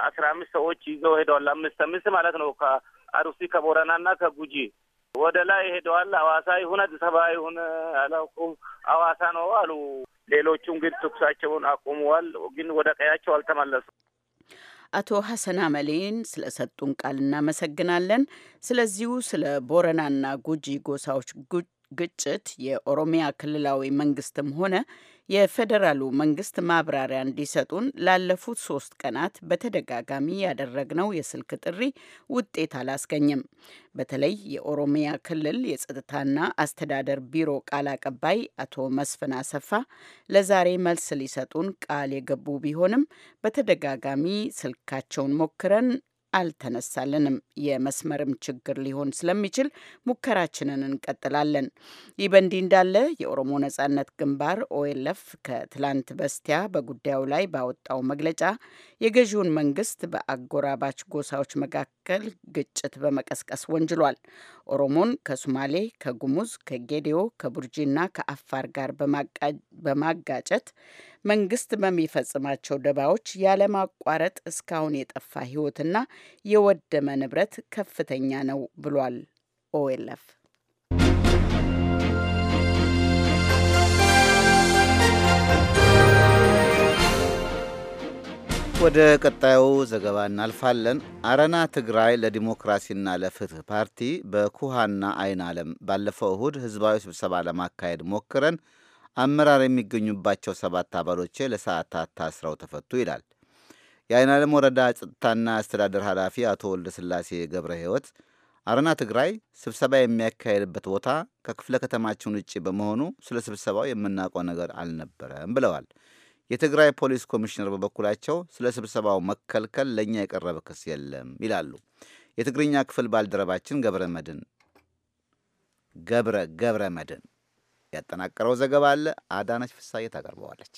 አስራ አምስት ሰዎች ይዘው ሄደዋል። አምስት አምስት ማለት ነው ከአሩሲ ከቦረናና ከጉጂ ወደ ላይ ሄደዋል። አዋሳ ይሁን አዲስ አበባ ይሁን አላውቁም። ሐዋሳ ነው አሉ። ሌሎቹም ግን ትኩሳቸውን አቁመዋል። ግን ወደ ቀያቸው አልተመለሱም። አቶ ሐሰን አመሌን ስለሰጡን ቃል እናመሰግናለን። ስለዚሁ ስለ ቦረናና ጉጂ ጎሳዎች ግጭት የኦሮሚያ ክልላዊ መንግስትም ሆነ የፌዴራሉ መንግስት ማብራሪያ እንዲሰጡን ላለፉት ሶስት ቀናት በተደጋጋሚ ያደረግነው የስልክ ጥሪ ውጤት አላስገኝም። በተለይ የኦሮሚያ ክልል የጸጥታና አስተዳደር ቢሮ ቃል አቀባይ አቶ መስፍን አሰፋ ለዛሬ መልስ ሊሰጡን ቃል የገቡ ቢሆንም በተደጋጋሚ ስልካቸውን ሞክረን አልተነሳልንም። የመስመርም ችግር ሊሆን ስለሚችል ሙከራችንን እንቀጥላለን። ይህ በእንዲህ እንዳለ የኦሮሞ ነጻነት ግንባር ኦኤልኤፍ ከትላንት በስቲያ በጉዳዩ ላይ ባወጣው መግለጫ የገዢውን መንግስት በአጎራባች ጎሳዎች መካከል ግጭት በመቀስቀስ ወንጅሏል። ኦሮሞን ከሱማሌ፣ ከጉሙዝ፣ ከጌዲዮ፣ ከቡርጂና ከአፋር ጋር በማጋጨት መንግስት በሚፈጽማቸው ደባዎች ያለማቋረጥ እስካሁን የጠፋ ህይወትና የወደመ ንብረት ከፍተኛ ነው ብሏል ኦኤልኤፍ። ወደ ቀጣዩ ዘገባ እናልፋለን። አረና ትግራይ ለዲሞክራሲና ለፍትህ ፓርቲ በኩሃና አይን አለም ባለፈው እሁድ ህዝባዊ ስብሰባ ለማካሄድ ሞክረን አመራር የሚገኙባቸው ሰባት አባሎቼ ለሰዓታት ታስረው ተፈቱ ይላል የአይን አለም ወረዳ ጸጥታና አስተዳደር ኃላፊ አቶ ወልደስላሴ ገብረ ህይወት አረና ትግራይ ስብሰባ የሚያካሄድበት ቦታ ከክፍለ ከተማችን ውጭ በመሆኑ ስለ ስብሰባው የምናውቀው ነገር አልነበረም ብለዋል። የትግራይ ፖሊስ ኮሚሽነር በበኩላቸው ስለ ስብሰባው መከልከል ለእኛ የቀረበ ክስ የለም ይላሉ። የትግርኛ ክፍል ባልደረባችን ገብረ መድን ገብረ ገብረ መድን ያጠናቀረው ዘገባ አለ። አዳነች ፍሳዬ ታቀርበዋለች።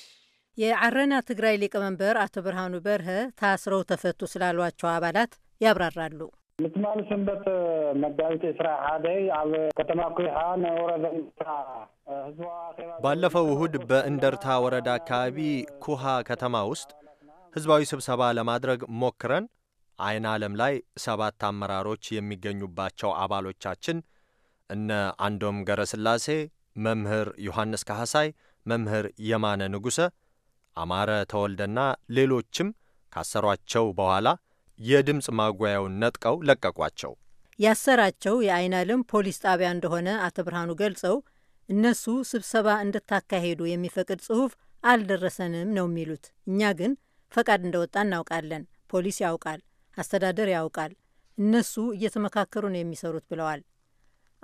የአረና ትግራይ ሊቀመንበር አቶ ብርሃኑ በርሀ ታስረው ተፈቱ ስላሏቸው አባላት ያብራራሉ። ምትማል መጋቢት ስራ ሓደይ ኣብ ከተማ ኩሓ ናይ ባለፈው እሁድ በእንደርታ ወረዳ አካባቢ ኩሃ ከተማ ውስጥ ህዝባዊ ስብሰባ ለማድረግ ሞክረን አይን ዓለም ላይ ሰባት አመራሮች የሚገኙባቸው አባሎቻችን እነ አንዶም ገረስላሴ፣ መምህር ዮሐንስ ካህሳይ፣ መምህር የማነ ንጉሠ፣ አማረ ተወልደና ሌሎችም ካሰሯቸው በኋላ የድምፅ ማጓያውን ነጥቀው ለቀቋቸው። ያሰራቸው የአይን አለም ፖሊስ ጣቢያ እንደሆነ አቶ ብርሃኑ ገልጸው እነሱ ስብሰባ እንድታካሄዱ የሚፈቅድ ጽሑፍ አልደረሰንም ነው የሚሉት። እኛ ግን ፈቃድ እንደወጣ እናውቃለን። ፖሊስ ያውቃል፣ አስተዳደር ያውቃል። እነሱ እየተመካከሩ ነው የሚሰሩት ብለዋል።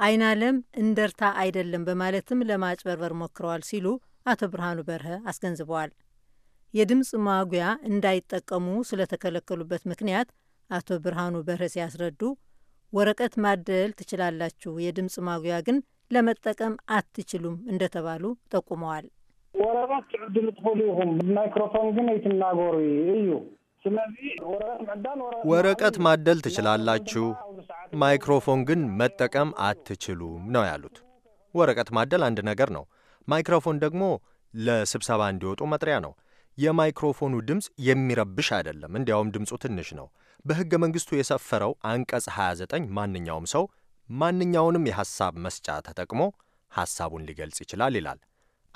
አይን አለም እንደርታ አይደለም በማለትም ለማጭበርበር ሞክረዋል ሲሉ አቶ ብርሃኑ በርሀ አስገንዝበዋል። የድምፅ ማጉያ እንዳይጠቀሙ ስለተከለከሉበት ምክንያት አቶ ብርሃኑ በርሀ ሲያስረዱ ወረቀት ማደል ትችላላችሁ፣ የድምፅ ማጉያ ግን ለመጠቀም አትችሉም እንደተባሉ ጠቁመዋል። ወረቀት ሁሉ ይሁን ማይክሮፎን ግን ይትናገሩ እዩ። ስለዚህ ወረቀት ማደል ትችላላችሁ፣ ማይክሮፎን ግን መጠቀም አትችሉም ነው ያሉት። ወረቀት ማደል አንድ ነገር ነው። ማይክሮፎን ደግሞ ለስብሰባ እንዲወጡ መጥሪያ ነው። የማይክሮፎኑ ድምፅ የሚረብሽ አይደለም፣ እንዲያውም ድምፁ ትንሽ ነው። በሕገ መንግሥቱ የሰፈረው አንቀጽ 29 ማንኛውም ሰው ማንኛውንም የሐሳብ መስጫ ተጠቅሞ ሐሳቡን ሊገልጽ ይችላል ይላል።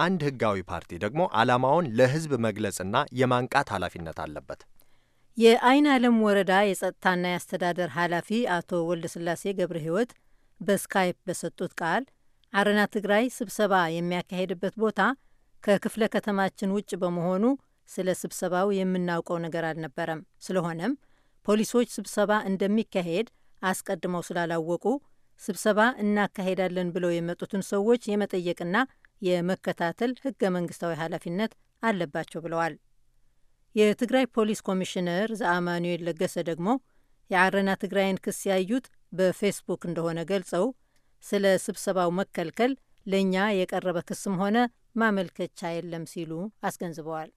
አንድ ሕጋዊ ፓርቲ ደግሞ ዓላማውን ለሕዝብ መግለጽና የማንቃት ኃላፊነት አለበት። የአይን ዓለም ወረዳ የጸጥታና የአስተዳደር ኃላፊ አቶ ወልደስላሴ ገብረ ሕይወት በስካይፕ በሰጡት ቃል አረና ትግራይ ስብሰባ የሚያካሄድበት ቦታ ከክፍለ ከተማችን ውጭ በመሆኑ ስለ ስብሰባው የምናውቀው ነገር አልነበረም። ስለሆነም ፖሊሶች ስብሰባ እንደሚካሄድ አስቀድመው ስላላወቁ ስብሰባ እናካሄዳለን ብለው የመጡትን ሰዎች የመጠየቅና የመከታተል ህገ መንግስታዊ ኃላፊነት አለባቸው ብለዋል። የትግራይ ፖሊስ ኮሚሽነር ዘአማኑኤል ለገሰ ደግሞ የአረና ትግራይን ክስ ያዩት በፌስቡክ እንደሆነ ገልጸው ስለ ስብሰባው መከልከል ለእኛ የቀረበ ክስም ሆነ ማመልከቻ የለም ሲሉ አስገንዝበዋል።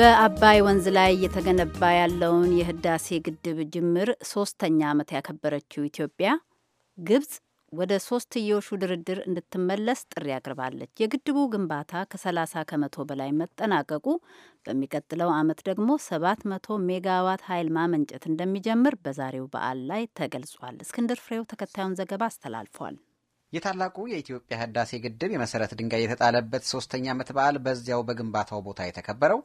በአባይ ወንዝ ላይ እየተገነባ ያለውን የህዳሴ ግድብ ጅምር ሶስተኛ ዓመት ያከበረችው ኢትዮጵያ ግብጽ ወደ ሶስትዮሹ ድርድር እንድትመለስ ጥሪ አቅርባለች። የግድቡ ግንባታ ከ30 ከመቶ በላይ መጠናቀቁ፣ በሚቀጥለው ዓመት ደግሞ 700 ሜጋዋት ኃይል ማመንጨት እንደሚጀምር በዛሬው በዓል ላይ ተገልጿል። እስክንድር ፍሬው ተከታዩን ዘገባ አስተላልፏል። የታላቁ የኢትዮጵያ ህዳሴ ግድብ የመሰረት ድንጋይ የተጣለበት ሶስተኛ ዓመት በዓል በዚያው በግንባታው ቦታ የተከበረው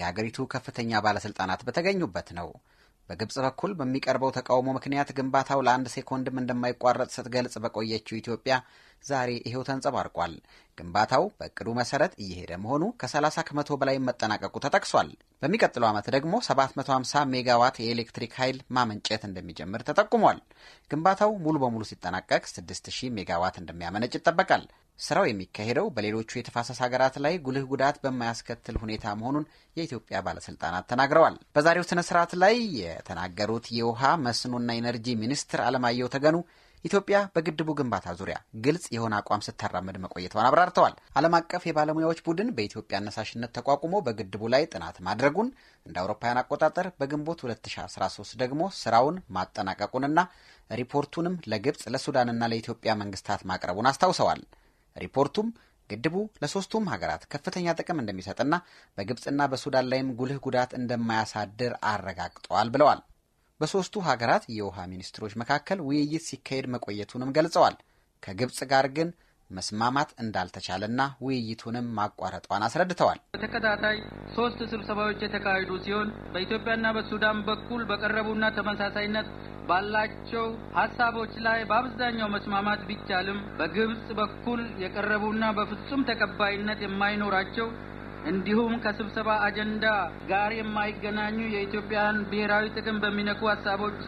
የሀገሪቱ ከፍተኛ ባለስልጣናት በተገኙበት ነው። በግብጽ በኩል በሚቀርበው ተቃውሞ ምክንያት ግንባታው ለአንድ ሴኮንድም እንደማይቋረጥ ስትገልጽ በቆየችው ኢትዮጵያ ዛሬ ይሄው ተንጸባርቋል። ግንባታው በእቅዱ መሰረት እየሄደ መሆኑ ከ30 ከመቶ በላይ መጠናቀቁ ተጠቅሷል። በሚቀጥለው ዓመት ደግሞ 750 ሜጋዋት የኤሌክትሪክ ኃይል ማመንጨት እንደሚጀምር ተጠቁሟል። ግንባታው ሙሉ በሙሉ ሲጠናቀቅ 6000 ሜጋዋት እንደሚያመነጭ ይጠበቃል። ስራው የሚካሄደው በሌሎቹ የተፋሰስ ሀገራት ላይ ጉልህ ጉዳት በማያስከትል ሁኔታ መሆኑን የኢትዮጵያ ባለስልጣናት ተናግረዋል። በዛሬው ስነ ስርዓት ላይ የተናገሩት የውሃ መስኖና ኤነርጂ ሚኒስትር አለማየሁ ተገኑ ኢትዮጵያ በግድቡ ግንባታ ዙሪያ ግልጽ የሆነ አቋም ስታራምድ መቆየቷን አብራርተዋል። ዓለም አቀፍ የባለሙያዎች ቡድን በኢትዮጵያ አነሳሽነት ተቋቁሞ በግድቡ ላይ ጥናት ማድረጉን እንደ አውሮፓውያን አቆጣጠር በግንቦት 2013 ደግሞ ስራውን ማጠናቀቁንና ሪፖርቱንም ለግብፅ ለሱዳንና ለኢትዮጵያ መንግስታት ማቅረቡን አስታውሰዋል። ሪፖርቱም ግድቡ ለሶስቱም ሀገራት ከፍተኛ ጥቅም እንደሚሰጥና በግብፅና በሱዳን ላይም ጉልህ ጉዳት እንደማያሳድር አረጋግጠዋል ብለዋል። በሶስቱ ሀገራት የውሃ ሚኒስትሮች መካከል ውይይት ሲካሄድ መቆየቱንም ገልጸዋል። ከግብፅ ጋር ግን መስማማት እንዳልተቻለና ውይይቱንም ማቋረጧን አስረድተዋል። በተከታታይ ሶስት ስብሰባዎች የተካሄዱ ሲሆን በኢትዮጵያና በሱዳን በኩል በቀረቡና ተመሳሳይነት ባላቸው ሀሳቦች ላይ በአብዛኛው መስማማት ቢቻልም በግብጽ በኩል የቀረቡና በፍጹም ተቀባይነት የማይኖራቸው እንዲሁም ከስብሰባ አጀንዳ ጋር የማይገናኙ የኢትዮጵያን ብሔራዊ ጥቅም በሚነኩ ሀሳቦች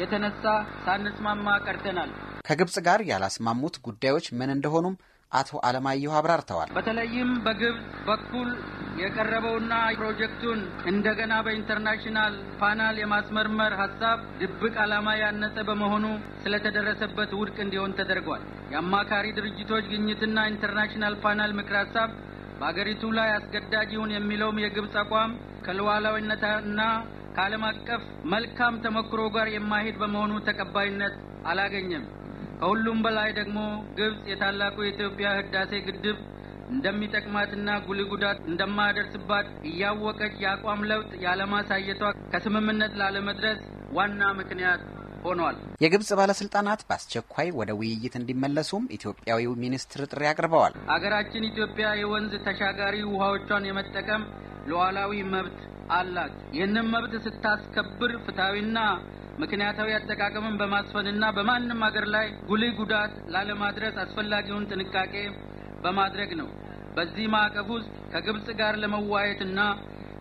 የተነሳ ሳንስማማ ቀርተናል። ከግብፅ ጋር ያላስማሙት ጉዳዮች ምን እንደሆኑም አቶ አለማየሁ አብራርተዋል። በተለይም በግብፅ በኩል የቀረበውና ፕሮጀክቱን እንደገና በኢንተርናሽናል ፓናል የማስመርመር ሀሳብ ድብቅ ዓላማ ያነጸ በመሆኑ ስለተደረሰበት ውድቅ እንዲሆን ተደርጓል። የአማካሪ ድርጅቶች ግኝትና ኢንተርናሽናል ፓናል ምክር ሀሳብ በአገሪቱ ላይ አስገዳጅ ይሁን የሚለውም የግብፅ አቋም ከሉዓላዊነትና ከዓለም አቀፍ መልካም ተሞክሮ ጋር የማይሄድ በመሆኑ ተቀባይነት አላገኘም። ከሁሉም በላይ ደግሞ ግብጽ የታላቁ የኢትዮጵያ ህዳሴ ግድብ እንደሚጠቅማትና ጉልህ ጉዳት እንደማያደርስባት እያወቀች የአቋም ለውጥ ያለማሳየቷ ከስምምነት ላለመድረስ ዋና ምክንያት ሆኗል። የግብጽ ባለስልጣናት በአስቸኳይ ወደ ውይይት እንዲመለሱም ኢትዮጵያዊው ሚኒስትር ጥሪ አቅርበዋል። አገራችን ኢትዮጵያ የወንዝ ተሻጋሪ ውሃዎቿን የመጠቀም ሉዓላዊ መብት አላት። ይህንን መብት ስታስከብር ፍትሐዊና ምክንያታዊ አጠቃቀምን በማስፈንና በማንም አገር ላይ ጉልህ ጉዳት ላለማድረስ አስፈላጊውን ጥንቃቄ በማድረግ ነው። በዚህ ማዕቀፍ ውስጥ ከግብፅ ጋር ለመዋየትና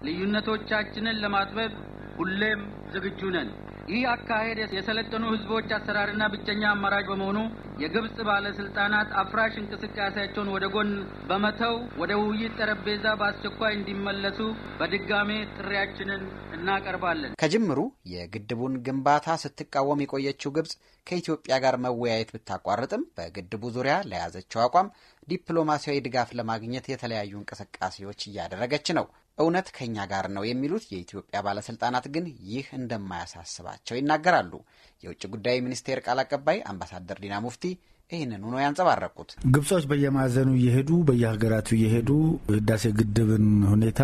ልዩነቶቻችንን ለማጥበብ ሁሌም ዝግጁ ነን። ይህ አካሄድ የሰለጠኑ ህዝቦች አሰራርና ብቸኛ አማራጭ በመሆኑ የግብጽ ባለስልጣናት አፍራሽ እንቅስቃሴያቸውን ወደ ጎን በመተው ወደ ውይይት ጠረጴዛ በአስቸኳይ እንዲመለሱ በድጋሜ ጥሪያችንን እናቀርባለን። ከጅምሩ የግድቡን ግንባታ ስትቃወም የቆየችው ግብጽ ከኢትዮጵያ ጋር መወያየት ብታቋርጥም በግድቡ ዙሪያ ለያዘችው አቋም ዲፕሎማሲያዊ ድጋፍ ለማግኘት የተለያዩ እንቅስቃሴዎች እያደረገች ነው። እውነት ከኛ ጋር ነው የሚሉት የኢትዮጵያ ባለስልጣናት ግን ይህ እንደማያሳስባቸው ይናገራሉ። የውጭ ጉዳይ ሚኒስቴር ቃል አቀባይ አምባሳደር ዲና ሙፍቲ ይህንኑ ነው ያንጸባረቁት። ግብጾች በየማዕዘኑ እየሄዱ በየሀገራቱ እየሄዱ ህዳሴ ግድብን ሁኔታ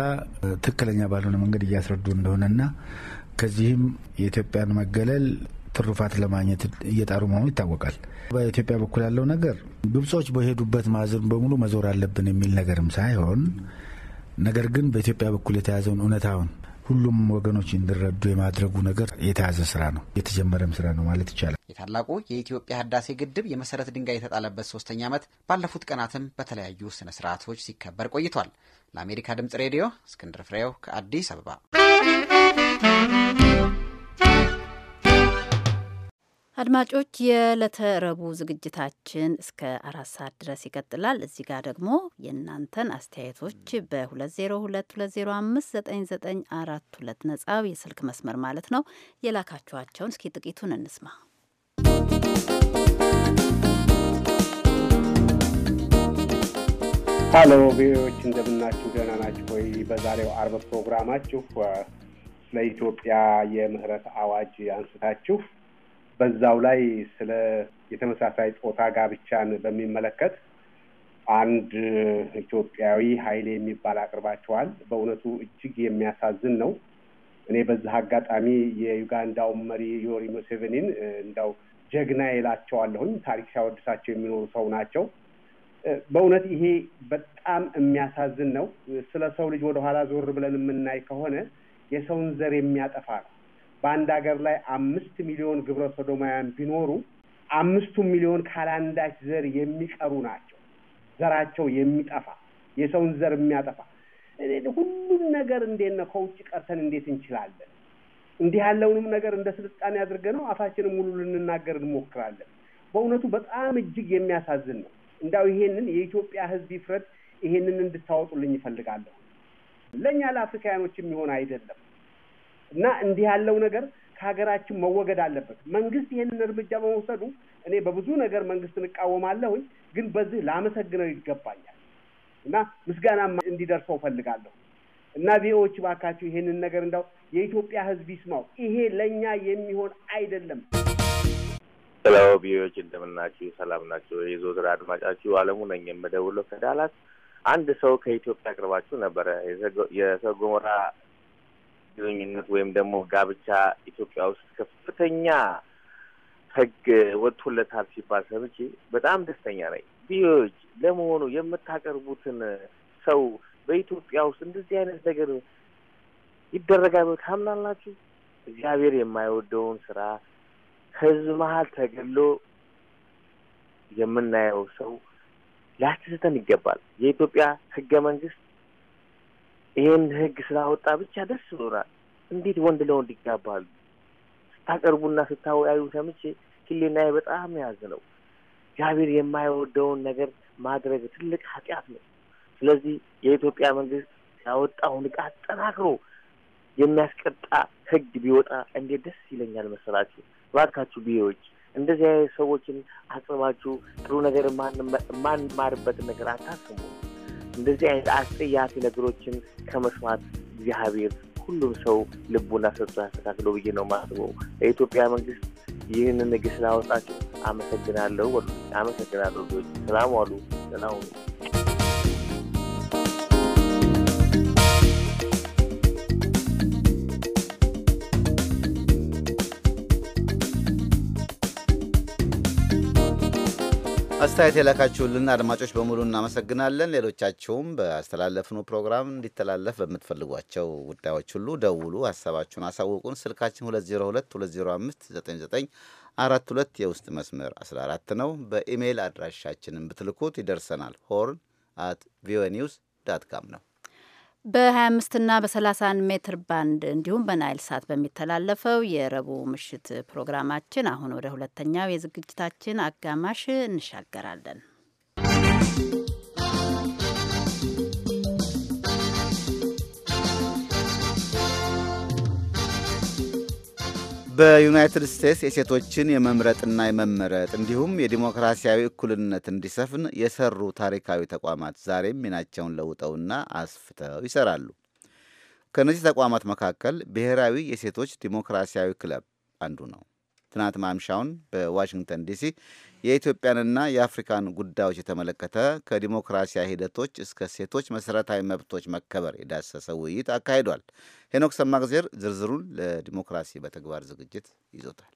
ትክክለኛ ባልሆነ መንገድ እያስረዱ እንደሆነና ከዚህም የኢትዮጵያን መገለል ትሩፋት ለማግኘት እየጣሩ መሆኑ ይታወቃል። በኢትዮጵያ በኩል ያለው ነገር ግብጾች በሄዱበት ማዕዘኑ በሙሉ መዞር አለብን የሚል ነገርም ሳይሆን ነገር ግን በኢትዮጵያ በኩል የተያዘውን እውነታውን ሁሉም ወገኖች እንዲረዱ የማድረጉ ነገር የተያዘ ስራ ነው፣ የተጀመረም ስራ ነው ማለት ይቻላል። የታላቁ የኢትዮጵያ ህዳሴ ግድብ የመሰረት ድንጋይ የተጣለበት ሶስተኛ ዓመት ባለፉት ቀናትም በተለያዩ ስነ ስርዓቶች ሲከበር ቆይቷል። ለአሜሪካ ድምጽ ሬዲዮ እስክንድር ፍሬው ከአዲስ አበባ አድማጮች የዕለተ ረቡዕ ዝግጅታችን እስከ አራት ሰዓት ድረስ ይቀጥላል። እዚህ ጋር ደግሞ የእናንተን አስተያየቶች በ2022059942 ነጻው የስልክ መስመር ማለት ነው የላካችኋቸውን እስኪ ጥቂቱን እንስማ። ሀሎ ቪዎች እንደምናችሁ ደህና ናችሁ ወይ? በዛሬው አርብ ፕሮግራማችሁ ስለ ኢትዮጵያ የምህረት አዋጅ አንስታችሁ በዛው ላይ ስለ የተመሳሳይ ጾታ ጋብቻን በሚመለከት አንድ ኢትዮጵያዊ ኃይሌ የሚባል አቅርባቸዋል። በእውነቱ እጅግ የሚያሳዝን ነው። እኔ በዚህ አጋጣሚ የዩጋንዳው መሪ ዮሪ ሙሴቬኒን እንዳው ጀግና ይላቸዋለሁኝ። ታሪክ ሲያወድሳቸው የሚኖሩ ሰው ናቸው። በእውነት ይሄ በጣም የሚያሳዝን ነው። ስለ ሰው ልጅ ወደኋላ ዞር ብለን የምናይ ከሆነ የሰውን ዘር የሚያጠፋ ነው። በአንድ ሀገር ላይ አምስት ሚሊዮን ግብረ ሶዶማውያን ቢኖሩ አምስቱ ሚሊዮን ካላንዳች ዘር የሚቀሩ ናቸው። ዘራቸው የሚጠፋ የሰውን ዘር የሚያጠፋ ሁሉም ነገር እንዴት ነው? ከውጭ ቀርተን እንዴት እንችላለን? እንዲህ ያለውንም ነገር እንደ ስልጣኔ አድርገ ነው አፋችንን ሙሉ ልንናገር እንሞክራለን። በእውነቱ በጣም እጅግ የሚያሳዝን ነው። እንዳው ይሄንን የኢትዮጵያ ሕዝብ ይፍረድ። ይሄንን እንድታወጡልኝ ይፈልጋለሁ። ለእኛ ለአፍሪካውያኖች የሚሆን አይደለም። እና እንዲህ ያለው ነገር ከሀገራችን መወገድ አለበት። መንግስት ይህንን እርምጃ በመውሰዱ እኔ በብዙ ነገር መንግስትን እቃወማለሁኝ፣ ግን በዚህ ላመሰግነው ይገባኛል እና ምስጋና እንዲደርሰው ፈልጋለሁ። እና ቪኦች ባካችሁ ይሄንን ነገር እንዳው የኢትዮጵያ ሕዝብ ይስማው። ይሄ ለእኛ የሚሆን አይደለም። ሄሎ ቪኦች እንደምናችሁ፣ ሰላም ናቸው። የዞትር አድማጫችሁ አለሙ ነኝ የምደውለው ከዳላስ። አንድ ሰው ከኢትዮጵያ አቅርባችሁ ነበረ ጎሞራ ግንኙነት ወይም ደግሞ ጋብቻ ኢትዮጵያ ውስጥ ከፍተኛ ህግ ወጥቶለታል ሲባል ሰምቼ በጣም ደስተኛ ነኝ። ቢዮች ለመሆኑ የምታቀርቡትን ሰው በኢትዮጵያ ውስጥ እንደዚህ አይነት ነገር ይደረጋል ታምናላችሁ? እግዚአብሔር የማይወደውን ስራ ህዝብ መሀል ተገሎ የምናየው ሰው ሊያስስተን ይገባል። የኢትዮጵያ ህገ መንግስት ይሄን ህግ ስላወጣ ብቻ ደስ ብሎናል። እንዴት ወንድ ለወንድ ይጋባሉ? ስታቀርቡና ስታወያዩ ሰምቼ ህሊናዬ በጣም ያዝ ነው። እግዚአብሔር የማይወደውን ነገር ማድረግ ትልቅ ኃጢአት ነው። ስለዚህ የኢትዮጵያ መንግስት ያወጣውን ህግ አጠናክሮ የሚያስቀጣ ህግ ቢወጣ እንዴት ደስ ይለኛል መሰላችሁ። እባካችሁ ብዎች እንደዚህ አይነት ሰዎችን አጽማችሁ ጥሩ ነገር የማንማርበትን ነገር አታስቡ። እንደዚህ አይነት አስጠያፊ ነገሮችን ከመስማት እግዚአብሔር ሁሉም ሰው ልቡና ሰጥቶ ያስተካክለው ብዬ ነው ማስበው። የኢትዮጵያ መንግስት ይህን ንግድ ስላወጣችሁ አመሰግናለሁ። አመሰግናለሁ። ሰላም ዋሉ። ሰላም አስተያየት የላካችሁልን አድማጮች በሙሉ እናመሰግናለን። ሌሎቻችሁም በአስተላለፍኑ ፕሮግራም እንዲተላለፍ በምትፈልጓቸው ጉዳዮች ሁሉ ደውሉ፣ ሀሳባችሁን አሳውቁን። ስልካችን 2022059942 የውስጥ መስመር 14 ነው። በኢሜይል አድራሻችንን ብትልኩት ይደርሰናል። ሆርን አት ቪኦኤ ኒውስ ዳት ካም ነው። በ25 እና በ31 ሜትር ባንድ እንዲሁም በናይል ሳት በሚተላለፈው የረቡዕ ምሽት ፕሮግራማችን አሁን ወደ ሁለተኛው የዝግጅታችን አጋማሽ እንሻገራለን። በዩናይትድ ስቴትስ የሴቶችን የመምረጥና የመመረጥ እንዲሁም የዲሞክራሲያዊ እኩልነት እንዲሰፍን የሰሩ ታሪካዊ ተቋማት ዛሬም ሚናቸውን ለውጠውና አስፍተው ይሰራሉ። ከእነዚህ ተቋማት መካከል ብሔራዊ የሴቶች ዲሞክራሲያዊ ክለብ አንዱ ነው። ትናንት ማምሻውን በዋሽንግተን ዲሲ የኢትዮጵያንና የአፍሪካን ጉዳዮች የተመለከተ ከዲሞክራሲያ ሂደቶች እስከ ሴቶች መሠረታዊ መብቶች መከበር የዳሰሰ ውይይት አካሂዷል። ሄኖክ ሰማግዜር ዝርዝሩን ለዲሞክራሲ በተግባር ዝግጅት ይዞታል።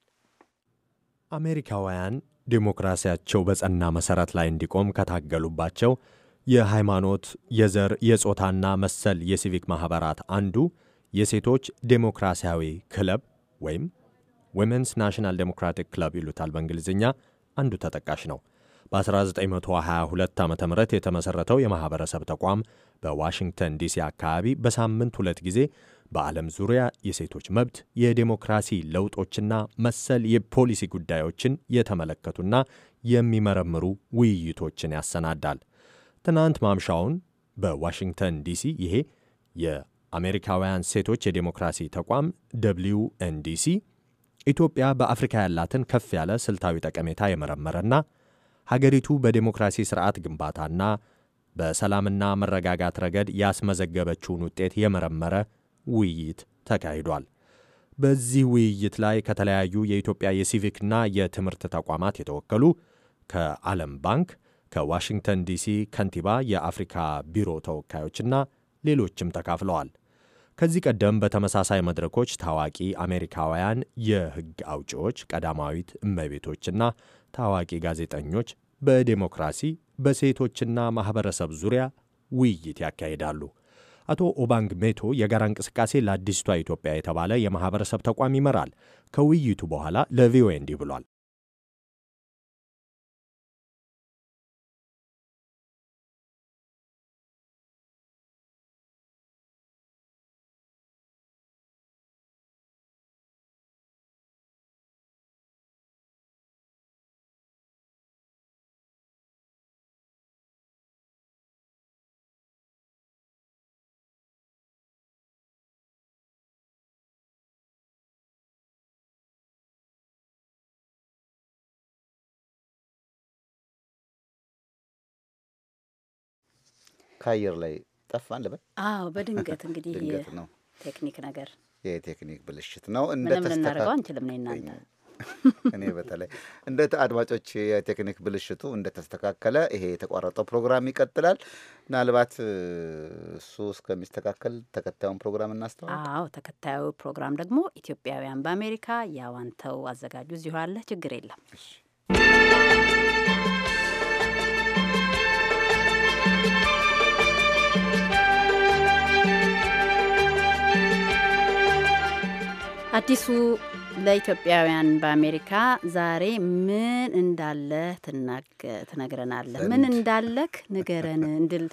አሜሪካውያን ዲሞክራሲያቸው በጸና መሠረት ላይ እንዲቆም ከታገሉባቸው የሃይማኖት፣ የዘር፣ የጾታና መሰል የሲቪክ ማኅበራት አንዱ የሴቶች ዴሞክራሲያዊ ክለብ ወይም ዊሜንስ ናሽናል ዴሞክራቲክ ክለብ ይሉታል በእንግሊዝኛ አንዱ ተጠቃሽ ነው። በ1922 ዓ ም የተመሠረተው የማኅበረሰብ ተቋም በዋሽንግተን ዲሲ አካባቢ በሳምንት ሁለት ጊዜ በዓለም ዙሪያ የሴቶች መብት፣ የዴሞክራሲ ለውጦችና መሰል የፖሊሲ ጉዳዮችን የተመለከቱና የሚመረምሩ ውይይቶችን ያሰናዳል። ትናንት ማምሻውን በዋሽንግተን ዲሲ ይሄ የአሜሪካውያን ሴቶች የዴሞክራሲ ተቋም ደብሊው ኤን ዲሲ ኢትዮጵያ በአፍሪካ ያላትን ከፍ ያለ ስልታዊ ጠቀሜታ የመረመረና ሀገሪቱ በዴሞክራሲ ስርዓት ግንባታና በሰላምና መረጋጋት ረገድ ያስመዘገበችውን ውጤት የመረመረ ውይይት ተካሂዷል። በዚህ ውይይት ላይ ከተለያዩ የኢትዮጵያ የሲቪክና የትምህርት ተቋማት የተወከሉ ከዓለም ባንክ፣ ከዋሽንግተን ዲሲ ከንቲባ የአፍሪካ ቢሮ ተወካዮችና ሌሎችም ተካፍለዋል። ከዚህ ቀደም በተመሳሳይ መድረኮች ታዋቂ አሜሪካውያን የሕግ አውጪዎች፣ ቀዳማዊት እመቤቶችና ታዋቂ ጋዜጠኞች በዴሞክራሲ በሴቶችና ማኅበረሰብ ዙሪያ ውይይት ያካሂዳሉ። አቶ ኦባንግ ሜቶ የጋራ እንቅስቃሴ ለአዲስቷ ኢትዮጵያ የተባለ የማኅበረሰብ ተቋም ይመራል። ከውይይቱ በኋላ ለቪኦኤ እንዲህ ብሏል። ከአየር ላይ ጠፋን ልበል? አዎ፣ በድንገት እንግዲህ ድንገት ነው። ቴክኒክ ነገር የቴክኒክ ብልሽት ነው። እንደተስተካከለ አንችልም ነው እናንተ እኔ በተለይ እንደ አድማጮች የቴክኒክ ብልሽቱ እንደተስተካከለ ይሄ የተቋረጠው ፕሮግራም ይቀጥላል። ምናልባት እሱ እስከሚስተካከል ተከታዩን ፕሮግራም እናስተዋል። አዎ ተከታዩ ፕሮግራም ደግሞ ኢትዮጵያውያን በአሜሪካ ያዋንተው አዘጋጁ እዚሁ አለ። ችግር የለም። አዲሱ ለኢትዮጵያውያን በአሜሪካ ዛሬ ምን እንዳለ ትነግረናለህ። ምን እንዳለክ ንገረን እንድል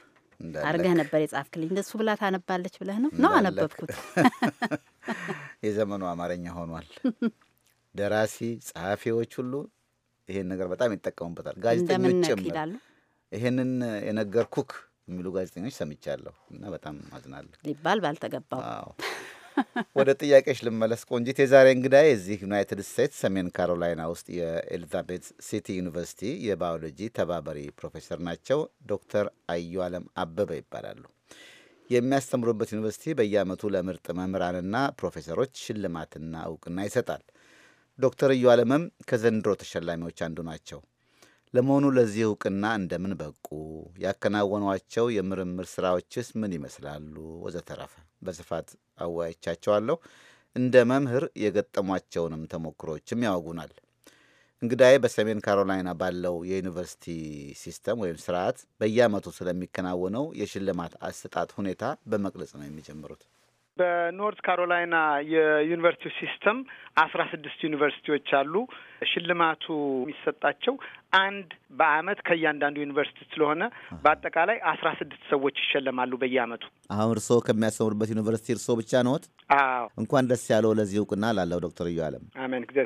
አድርገህ ነበር የጻፍክልኝ። እንደሱ ብላ ታነባለች ብለህ ነው ነው? አነበብኩት። የዘመኑ አማርኛ ሆኗል። ደራሲ ጸሐፊዎች ሁሉ ይሄን ነገር በጣም ይጠቀሙበታል። ጋዜጠኞች ጭምር ይሄንን የነገርኩክ የሚሉ ጋዜጠኞች ሰምቻለሁ እና በጣም አዝናለሁ ሊባል ባልተገባው ወደ ጥያቄዎች ልመለስ ቆንጂት። የዛሬ እንግዳ የዚህ ዩናይትድ ስቴትስ ሰሜን ካሮላይና ውስጥ የኤሊዛቤት ሲቲ ዩኒቨርሲቲ የባዮሎጂ ተባባሪ ፕሮፌሰር ናቸው። ዶክተር አዩ አለም አበበ ይባላሉ። የሚያስተምሩበት ዩኒቨርሲቲ በየዓመቱ ለምርጥ መምህራንና ፕሮፌሰሮች ሽልማትና እውቅና ይሰጣል። ዶክተር እዩ አለምም ከዘንድሮ ተሸላሚዎች አንዱ ናቸው። ለመሆኑ ለዚህ እውቅና እንደምን በቁ? ያከናወኗቸው የምርምር ስራዎችስ ምን ይመስላሉ? ወዘተረፈ በስፋት አወያይቻቸዋለሁ። እንደ መምህር የገጠሟቸውንም ተሞክሮችም ያወጉናል። እንግዳዬ በሰሜን ካሮላይና ባለው የዩኒቨርሲቲ ሲስተም ወይም ስርዓት በየዓመቱ ስለሚከናወነው የሽልማት አሰጣጥ ሁኔታ በመግለጽ ነው የሚጀምሩት። በኖርት ካሮላይና የዩኒቨርሲቲ ሲስተም አስራ ስድስት ዩኒቨርሲቲዎች አሉ። ሽልማቱ የሚሰጣቸው አንድ በአመት ከእያንዳንዱ ዩኒቨርሲቲ ስለሆነ በአጠቃላይ አስራ ስድስት ሰዎች ይሸለማሉ በየአመቱ። አሁን እርስዎ ከሚያስተምሩበት ዩኒቨርሲቲ እርስዎ ብቻ ነዎት? አዎ። እንኳን ደስ ያለው ለዚህ እውቅና ላለው ዶክተር አለም። አሜን። ጊዜ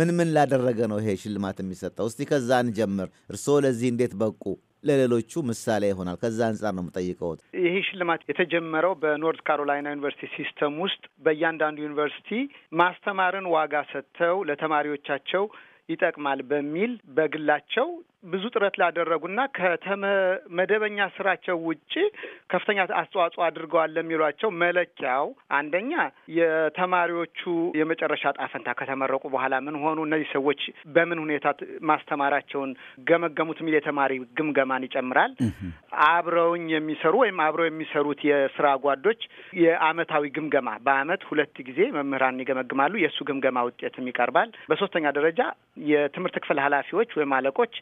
ምን ምን ላደረገ ነው ይሄ ሽልማት የሚሰጠው? እስቲ ከዛ እንጀምር። እርስዎ ለዚህ እንዴት በቁ? ለሌሎቹ ምሳሌ ይሆናል። ከዛ አንጻር ነው የምጠይቀውት ይሄ ሽልማት የተጀመረው በኖርት ካሮላይና ዩኒቨርሲቲ ሲስተም ውስጥ በእያንዳንዱ ዩኒቨርሲቲ ማስተማርን ዋጋ ሰጥተው ለተማሪዎቻቸው ይጠቅማል በሚል በግላቸው ብዙ ጥረት ላደረጉና ከተመደበኛ ስራቸው ውጪ ከፍተኛ አስተዋጽኦ አድርገዋል ለሚሏቸው መለኪያው አንደኛ የተማሪዎቹ የመጨረሻ ጣፈንታ ከተመረቁ በኋላ ምን ሆኑ፣ እነዚህ ሰዎች በምን ሁኔታ ማስተማራቸውን ገመገሙት የሚል የተማሪ ግምገማን ይጨምራል። አብረውኝ የሚሰሩ ወይም አብረው የሚሰሩት የስራ ጓዶች የአመታዊ ግምገማ በአመት ሁለት ጊዜ መምህራን ይገመግማሉ። የእሱ ግምገማ ውጤትም ይቀርባል። በሶስተኛ ደረጃ የትምህርት ክፍል ኃላፊዎች ወይም አለቆች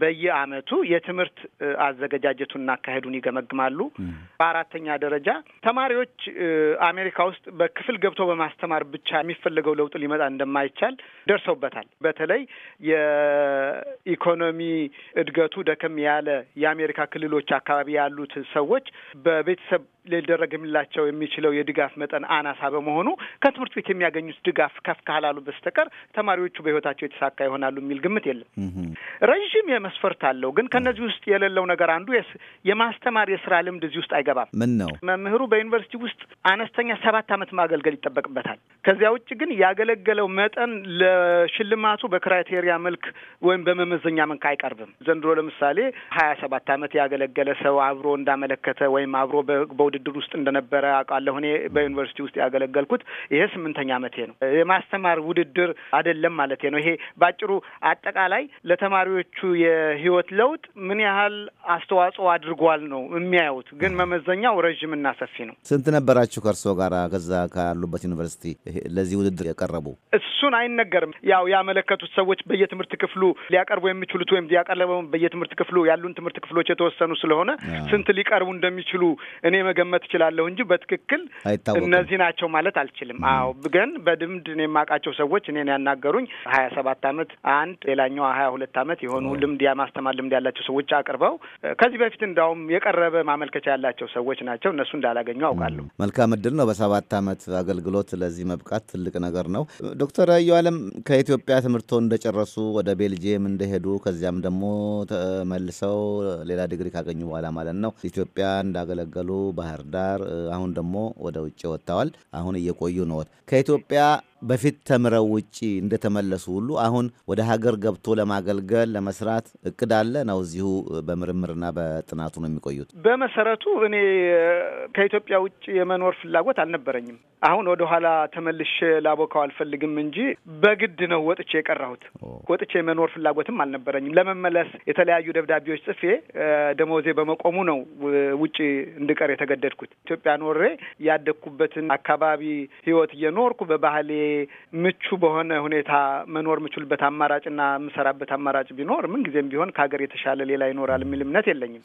በየአመቱ የትምህርት አዘገጃጀቱና አካሄዱን ይገመግማሉ። በአራተኛ ደረጃ ተማሪዎች አሜሪካ ውስጥ በክፍል ገብቶ በማስተማር ብቻ የሚፈለገው ለውጥ ሊመጣ እንደማይቻል ደርሰውበታል። በተለይ የኢኮኖሚ እድገቱ ደከም ያለ የአሜሪካ ክልሎች አካባቢ ያሉት ሰዎች በቤተሰብ ሊደረግላቸው የሚችለው የድጋፍ መጠን አናሳ በመሆኑ ከትምህርት ቤት የሚያገኙት ድጋፍ ከፍ ካላሉ በስተቀር ተማሪዎቹ በሕይወታቸው የተሳካ ይሆናሉ የሚል ግምት የለም። ረዥም የመስፈርት አለው። ግን ከነዚህ ውስጥ የሌለው ነገር አንዱ የማስተማር የስራ ልምድ እዚህ ውስጥ አይገባም። ምን ነው መምህሩ በዩኒቨርሲቲ ውስጥ አነስተኛ ሰባት ዓመት ማገልገል ይጠበቅበታል። ከዚያ ውጭ ግን ያገለገለው መጠን ለሽልማቱ በክራይቴሪያ መልክ ወይም በመመዘኛ መልክ አይቀርብም። ዘንድሮ ለምሳሌ ሀያ ሰባት ዓመት ያገለገለ ሰው አብሮ እንዳመለከተ ወይም አብሮ ውድድር ውስጥ እንደነበረ አውቃለሁ። እኔ በዩኒቨርሲቲ ውስጥ ያገለገልኩት ይሄ ስምንተኛ ዓመቴ ነው። የማስተማር ውድድር አይደለም ማለት ነው። ይሄ ባጭሩ አጠቃላይ ለተማሪዎቹ የህይወት ለውጥ ምን ያህል አስተዋጽኦ አድርጓል ነው የሚያዩት። ግን መመዘኛው ረዥምና ሰፊ ነው። ስንት ነበራችሁ ከእርስዎ ጋር ከዛ ካሉበት ዩኒቨርሲቲ ለዚህ ውድድር የቀረቡ? እሱን አይነገርም። ያው ያመለከቱት ሰዎች በየትምህርት ክፍሉ ሊያቀርቡ የሚችሉት ወይም ያቀረበውን በየትምህርት ክፍሉ ያሉን ትምህርት ክፍሎች የተወሰኑ ስለሆነ ስንት ሊቀርቡ እንደሚችሉ እኔ መገ መገመት እችላለሁ እንጂ በትክክል እነዚህ ናቸው ማለት አልችልም። አዎ ግን በድምድ እኔ የማውቃቸው ሰዎች እኔን ያናገሩኝ ሀያ ሰባት አመት አንድ ሌላኛዋ ሀያ ሁለት አመት የሆኑ ልምድ የማስተማር ልምድ ያላቸው ሰዎች አቅርበው ከዚህ በፊት እንዳውም የቀረበ ማመልከቻ ያላቸው ሰዎች ናቸው። እነሱ እንዳላገኙ አውቃለሁ። መልካም እድል ነው። በሰባት አመት አገልግሎት ለዚህ መብቃት ትልቅ ነገር ነው። ዶክተር አየዋለም ከኢትዮጵያ ትምህርቶ እንደጨረሱ ወደ ቤልጅየም እንደሄዱ ከዚያም ደግሞ ተመልሰው ሌላ ዲግሪ ካገኙ በኋላ ማለት ነው ኢትዮጵያ እንዳገለገሉ በ ባህር ዳር፣ አሁን ደግሞ ወደ ውጭ ወጥተዋል። አሁን እየቆዩ ነው። ከኢትዮጵያ በፊት ተምረው ውጪ እንደተመለሱ ሁሉ አሁን ወደ ሀገር ገብቶ ለማገልገል ለመስራት እቅድ አለ ነው? እዚሁ በምርምርና በጥናቱ ነው የሚቆዩት? በመሰረቱ እኔ ከኢትዮጵያ ውጭ የመኖር ፍላጎት አልነበረኝም። አሁን ወደ ኋላ ተመልሼ ላቦካው አልፈልግም እንጂ በግድ ነው ወጥቼ የቀራሁት። ወጥቼ የመኖር ፍላጎትም አልነበረኝም። ለመመለስ የተለያዩ ደብዳቤዎች ጽፌ ደሞዜ በመቆሙ ነው ውጭ እንድቀር የተገደድኩት። ኢትዮጵያ ኖሬ ያደግኩበትን አካባቢ ህይወት እየኖርኩ በባህሌ ምቹ በሆነ ሁኔታ መኖር የምችልበት አማራጭና የምሰራበት አማራጭ ቢኖር ምን ጊዜም ቢሆን ከሀገር የተሻለ ሌላ ይኖራል የሚል እምነት የለኝም።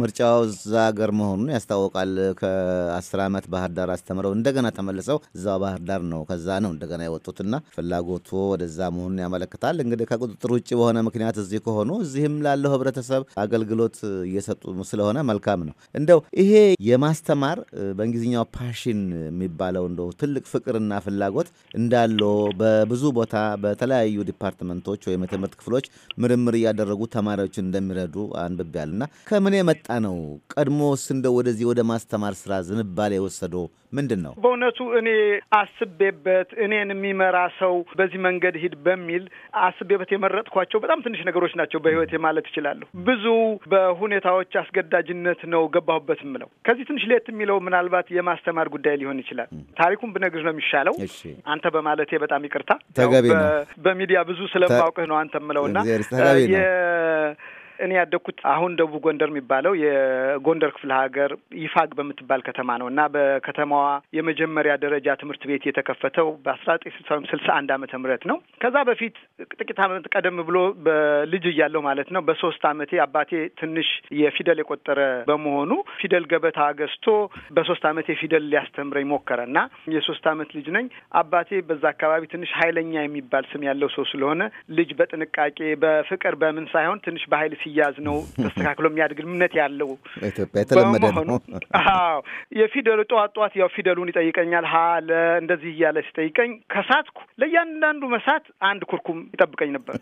ምርጫው እዛ ሀገር መሆኑን ያስታውቃል። ከአስር ዓመት ባህር ዳር አስተምረው እንደገና ተመልሰው እዛው ባህር ዳር ነው ከዛ ነው እንደገና የወጡትና ፍላጎቱ ወደዛ መሆኑን ያመለክታል። እንግዲህ ከቁጥጥር ውጭ በሆነ ምክንያት እዚህ ከሆኑ እዚህም ላለው ህብረተሰብ አገልግሎት እየሰጡ ስለሆነ መልካም ነው። እንደው ይሄ የማስተማር በእንግሊዝኛው ፓሽን የሚባለው እንደው ትልቅ ፍቅርና ፍላጎት እንዳለው በብዙ ቦታ በተለያዩ ዲፓርትመንቶች ወይም የትምህርት ክፍሎች ምርምር እያደረጉ ተማሪዎችን እንደሚረዱ አንብቤያል ከምን የመጣ ነው? ቀድሞስ እንደው ወደዚህ ወደ ማስተማር ስራ ዝንባሌ የወሰዶ ምንድን ነው? በእውነቱ እኔ አስቤበት እኔን የሚመራ ሰው በዚህ መንገድ ሂድ በሚል አስቤበት የመረጥኳቸው በጣም ትንሽ ነገሮች ናቸው በህይወቴ ማለት እችላለሁ። ብዙ በሁኔታዎች አስገዳጅነት ነው ገባሁበት የምለው ከዚህ ትንሽ ሌት የሚለው ምናልባት የማስተማር ጉዳይ ሊሆን ይችላል። ታሪኩን ብነግር ነው የሚሻለው። አንተ በማለቴ በጣም ይቅርታ። ተገቢ ነው። በሚዲያ ብዙ ስለማውቅህ ነው አንተ ምለውና እኔ ያደግኩት አሁን ደቡብ ጎንደር የሚባለው የጎንደር ክፍለ ሀገር ይፋግ በምትባል ከተማ ነው እና በከተማዋ የመጀመሪያ ደረጃ ትምህርት ቤት የተከፈተው በአስራ ዘጠኝ ስልሳ አንድ ዓመተ ምህረት ነው። ከዛ በፊት ጥቂት ዓመት ቀደም ብሎ በልጅ እያለሁ ማለት ነው በሶስት አመቴ አባቴ ትንሽ የፊደል የቆጠረ በመሆኑ ፊደል ገበታ ገዝቶ በሶስት አመቴ ፊደል ሊያስተምረኝ ሞከረ እና የሶስት ዓመት ልጅ ነኝ። አባቴ በዛ አካባቢ ትንሽ ኃይለኛ የሚባል ስም ያለው ሰው ስለሆነ ልጅ በጥንቃቄ በፍቅር በምን ሳይሆን ትንሽ በኃይል ሲያዝ ነው ተስተካክሎ የሚያድግ እምነት ያለው ኢትዮጵያ የተለመደ ነው። አዎ የፊደሉ ጠዋት ጠዋት ያው ፊደሉን ይጠይቀኛል። ሀ ለ እንደዚህ እያለ ሲጠይቀኝ ከሳትኩ ለእያንዳንዱ መሳት አንድ ኩርኩም ይጠብቀኝ ነበር።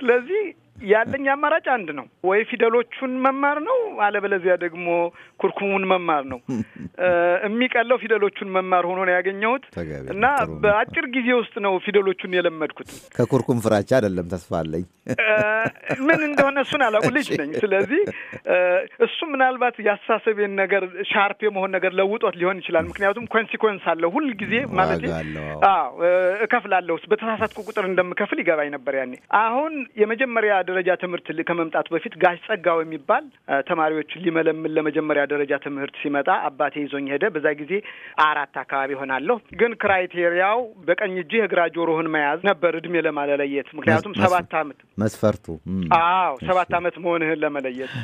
ስለዚህ ያለኝ አማራጭ አንድ ነው። ወይ ፊደሎቹን መማር ነው፣ አለበለዚያ ደግሞ ኩርኩሙን መማር ነው። የሚቀለው ፊደሎቹን መማር ሆኖ ነው ያገኘሁት እና በአጭር ጊዜ ውስጥ ነው ፊደሎቹን የለመድኩት። ከኩርኩም ፍራቻ አይደለም ተስፋ አለኝ። ምን እንደሆነ እሱን አላውቅም፣ ልጅ ነኝ። ስለዚህ እሱ ምናልባት ያሳሰቤን ነገር ሻርፕ የመሆን ነገር ለውጦት ሊሆን ይችላል። ምክንያቱም ኮንሲኮንስ አለው ሁል ጊዜ ማለት እከፍላለሁ። በተሳሳትኩ ቁጥር እንደምከፍል ይገባኝ ነበር ያኔ። አሁን የመጀመሪያ ደረጃ ትምህርት ከመምጣት በፊት ጋሽ ጸጋው የሚባል ተማሪዎችን ሊመለምን ለመጀመሪያ ደረጃ ትምህርት ሲመጣ አባቴ ይዞኝ ሄደ። በዛ ጊዜ አራት አካባቢ ሆናለሁ። ግን ክራይቴሪያው በቀኝ እጅ የግራ ጆሮህን መያዝ ነበር እድሜ ለማለለየት ምክንያቱም ሰባት አመት መስፈርቱ አዎ ሰባት አመት መሆንህን ለመለየት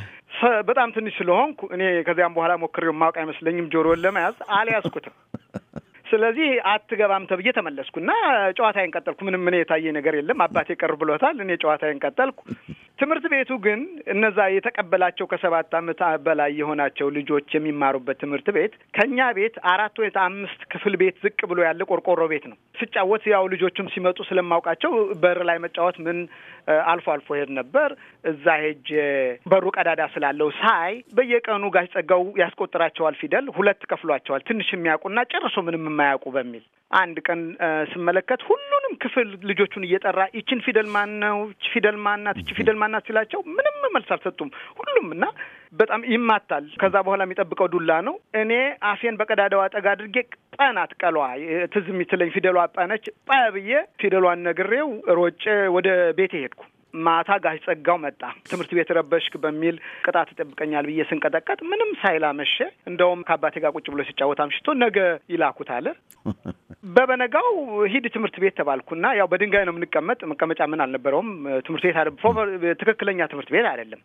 በጣም ትንሽ ስለሆንኩ እኔ ከዚያም በኋላ ሞክሬው ማውቅ አይመስለኝም ጆሮን ለመያዝ አልያዝኩትም። ስለዚህ አትገባም ተብዬ ተመለስኩና ጨዋታዬን ቀጠልኩ። ምንም ምን የታየ ነገር የለም። አባቴ ቀር ብሎታል። እኔ ጨዋታዬን ቀጠልኩ። ትምህርት ቤቱ ግን እነዛ የተቀበላቸው ከሰባት ዓመት በላይ የሆናቸው ልጆች የሚማሩበት ትምህርት ቤት ከእኛ ቤት አራት ወይ አምስት ክፍል ቤት ዝቅ ብሎ ያለ ቆርቆሮ ቤት ነው። ስጫወት ያው ልጆቹም ሲመጡ ስለማውቃቸው በር ላይ መጫወት ምን አልፎ አልፎ ሄድ ነበር። እዛ ሄጄ በሩ ቀዳዳ ስላለው ሳይ በየቀኑ ጋሽ ጸጋው ያስቆጥራቸዋል። ፊደል ሁለት ከፍሏቸዋል። ትንሽ የሚያውቁና ጨርሶ ምንም የማያውቁ በሚል አንድ ቀን ስመለከት ሁሉንም ክፍል ልጆቹን እየጠራ ይችን ፊደል ማነው? ፊደል ማናት? ይች ፊደል ማናት? ሲላቸው ምንም መልስ አልሰጡም ሁሉም እና በጣም ይማታል። ከዛ በኋላ የሚጠብቀው ዱላ ነው። እኔ አፌን በቀዳዳዋ ጠጋ አድርጌ ጠናት ቀሏ ትዝ የሚትለኝ ፊደሏ ጠነች። ጠ ብዬ ፊደሏን ነግሬው ሮጬ ወደ ቤቴ ሄድኩ። ማታ ጋሽ ጸጋው መጣ። ትምህርት ቤት ረበሽክ በሚል ቅጣት ይጠብቀኛል ብዬ ስንቀጠቀጥ ምንም ሳይላመሸ እንደውም ከአባቴ ጋር ቁጭ ብሎ ሲጫወት አምሽቶ ነገ ይላኩት አለ። በበነጋው ሂድ ትምህርት ቤት ተባልኩና ያው በድንጋይ ነው የምንቀመጥ። መቀመጫ ምን አልነበረውም። ትምህርት ቤት ትክክለኛ ትምህርት ቤት አይደለም።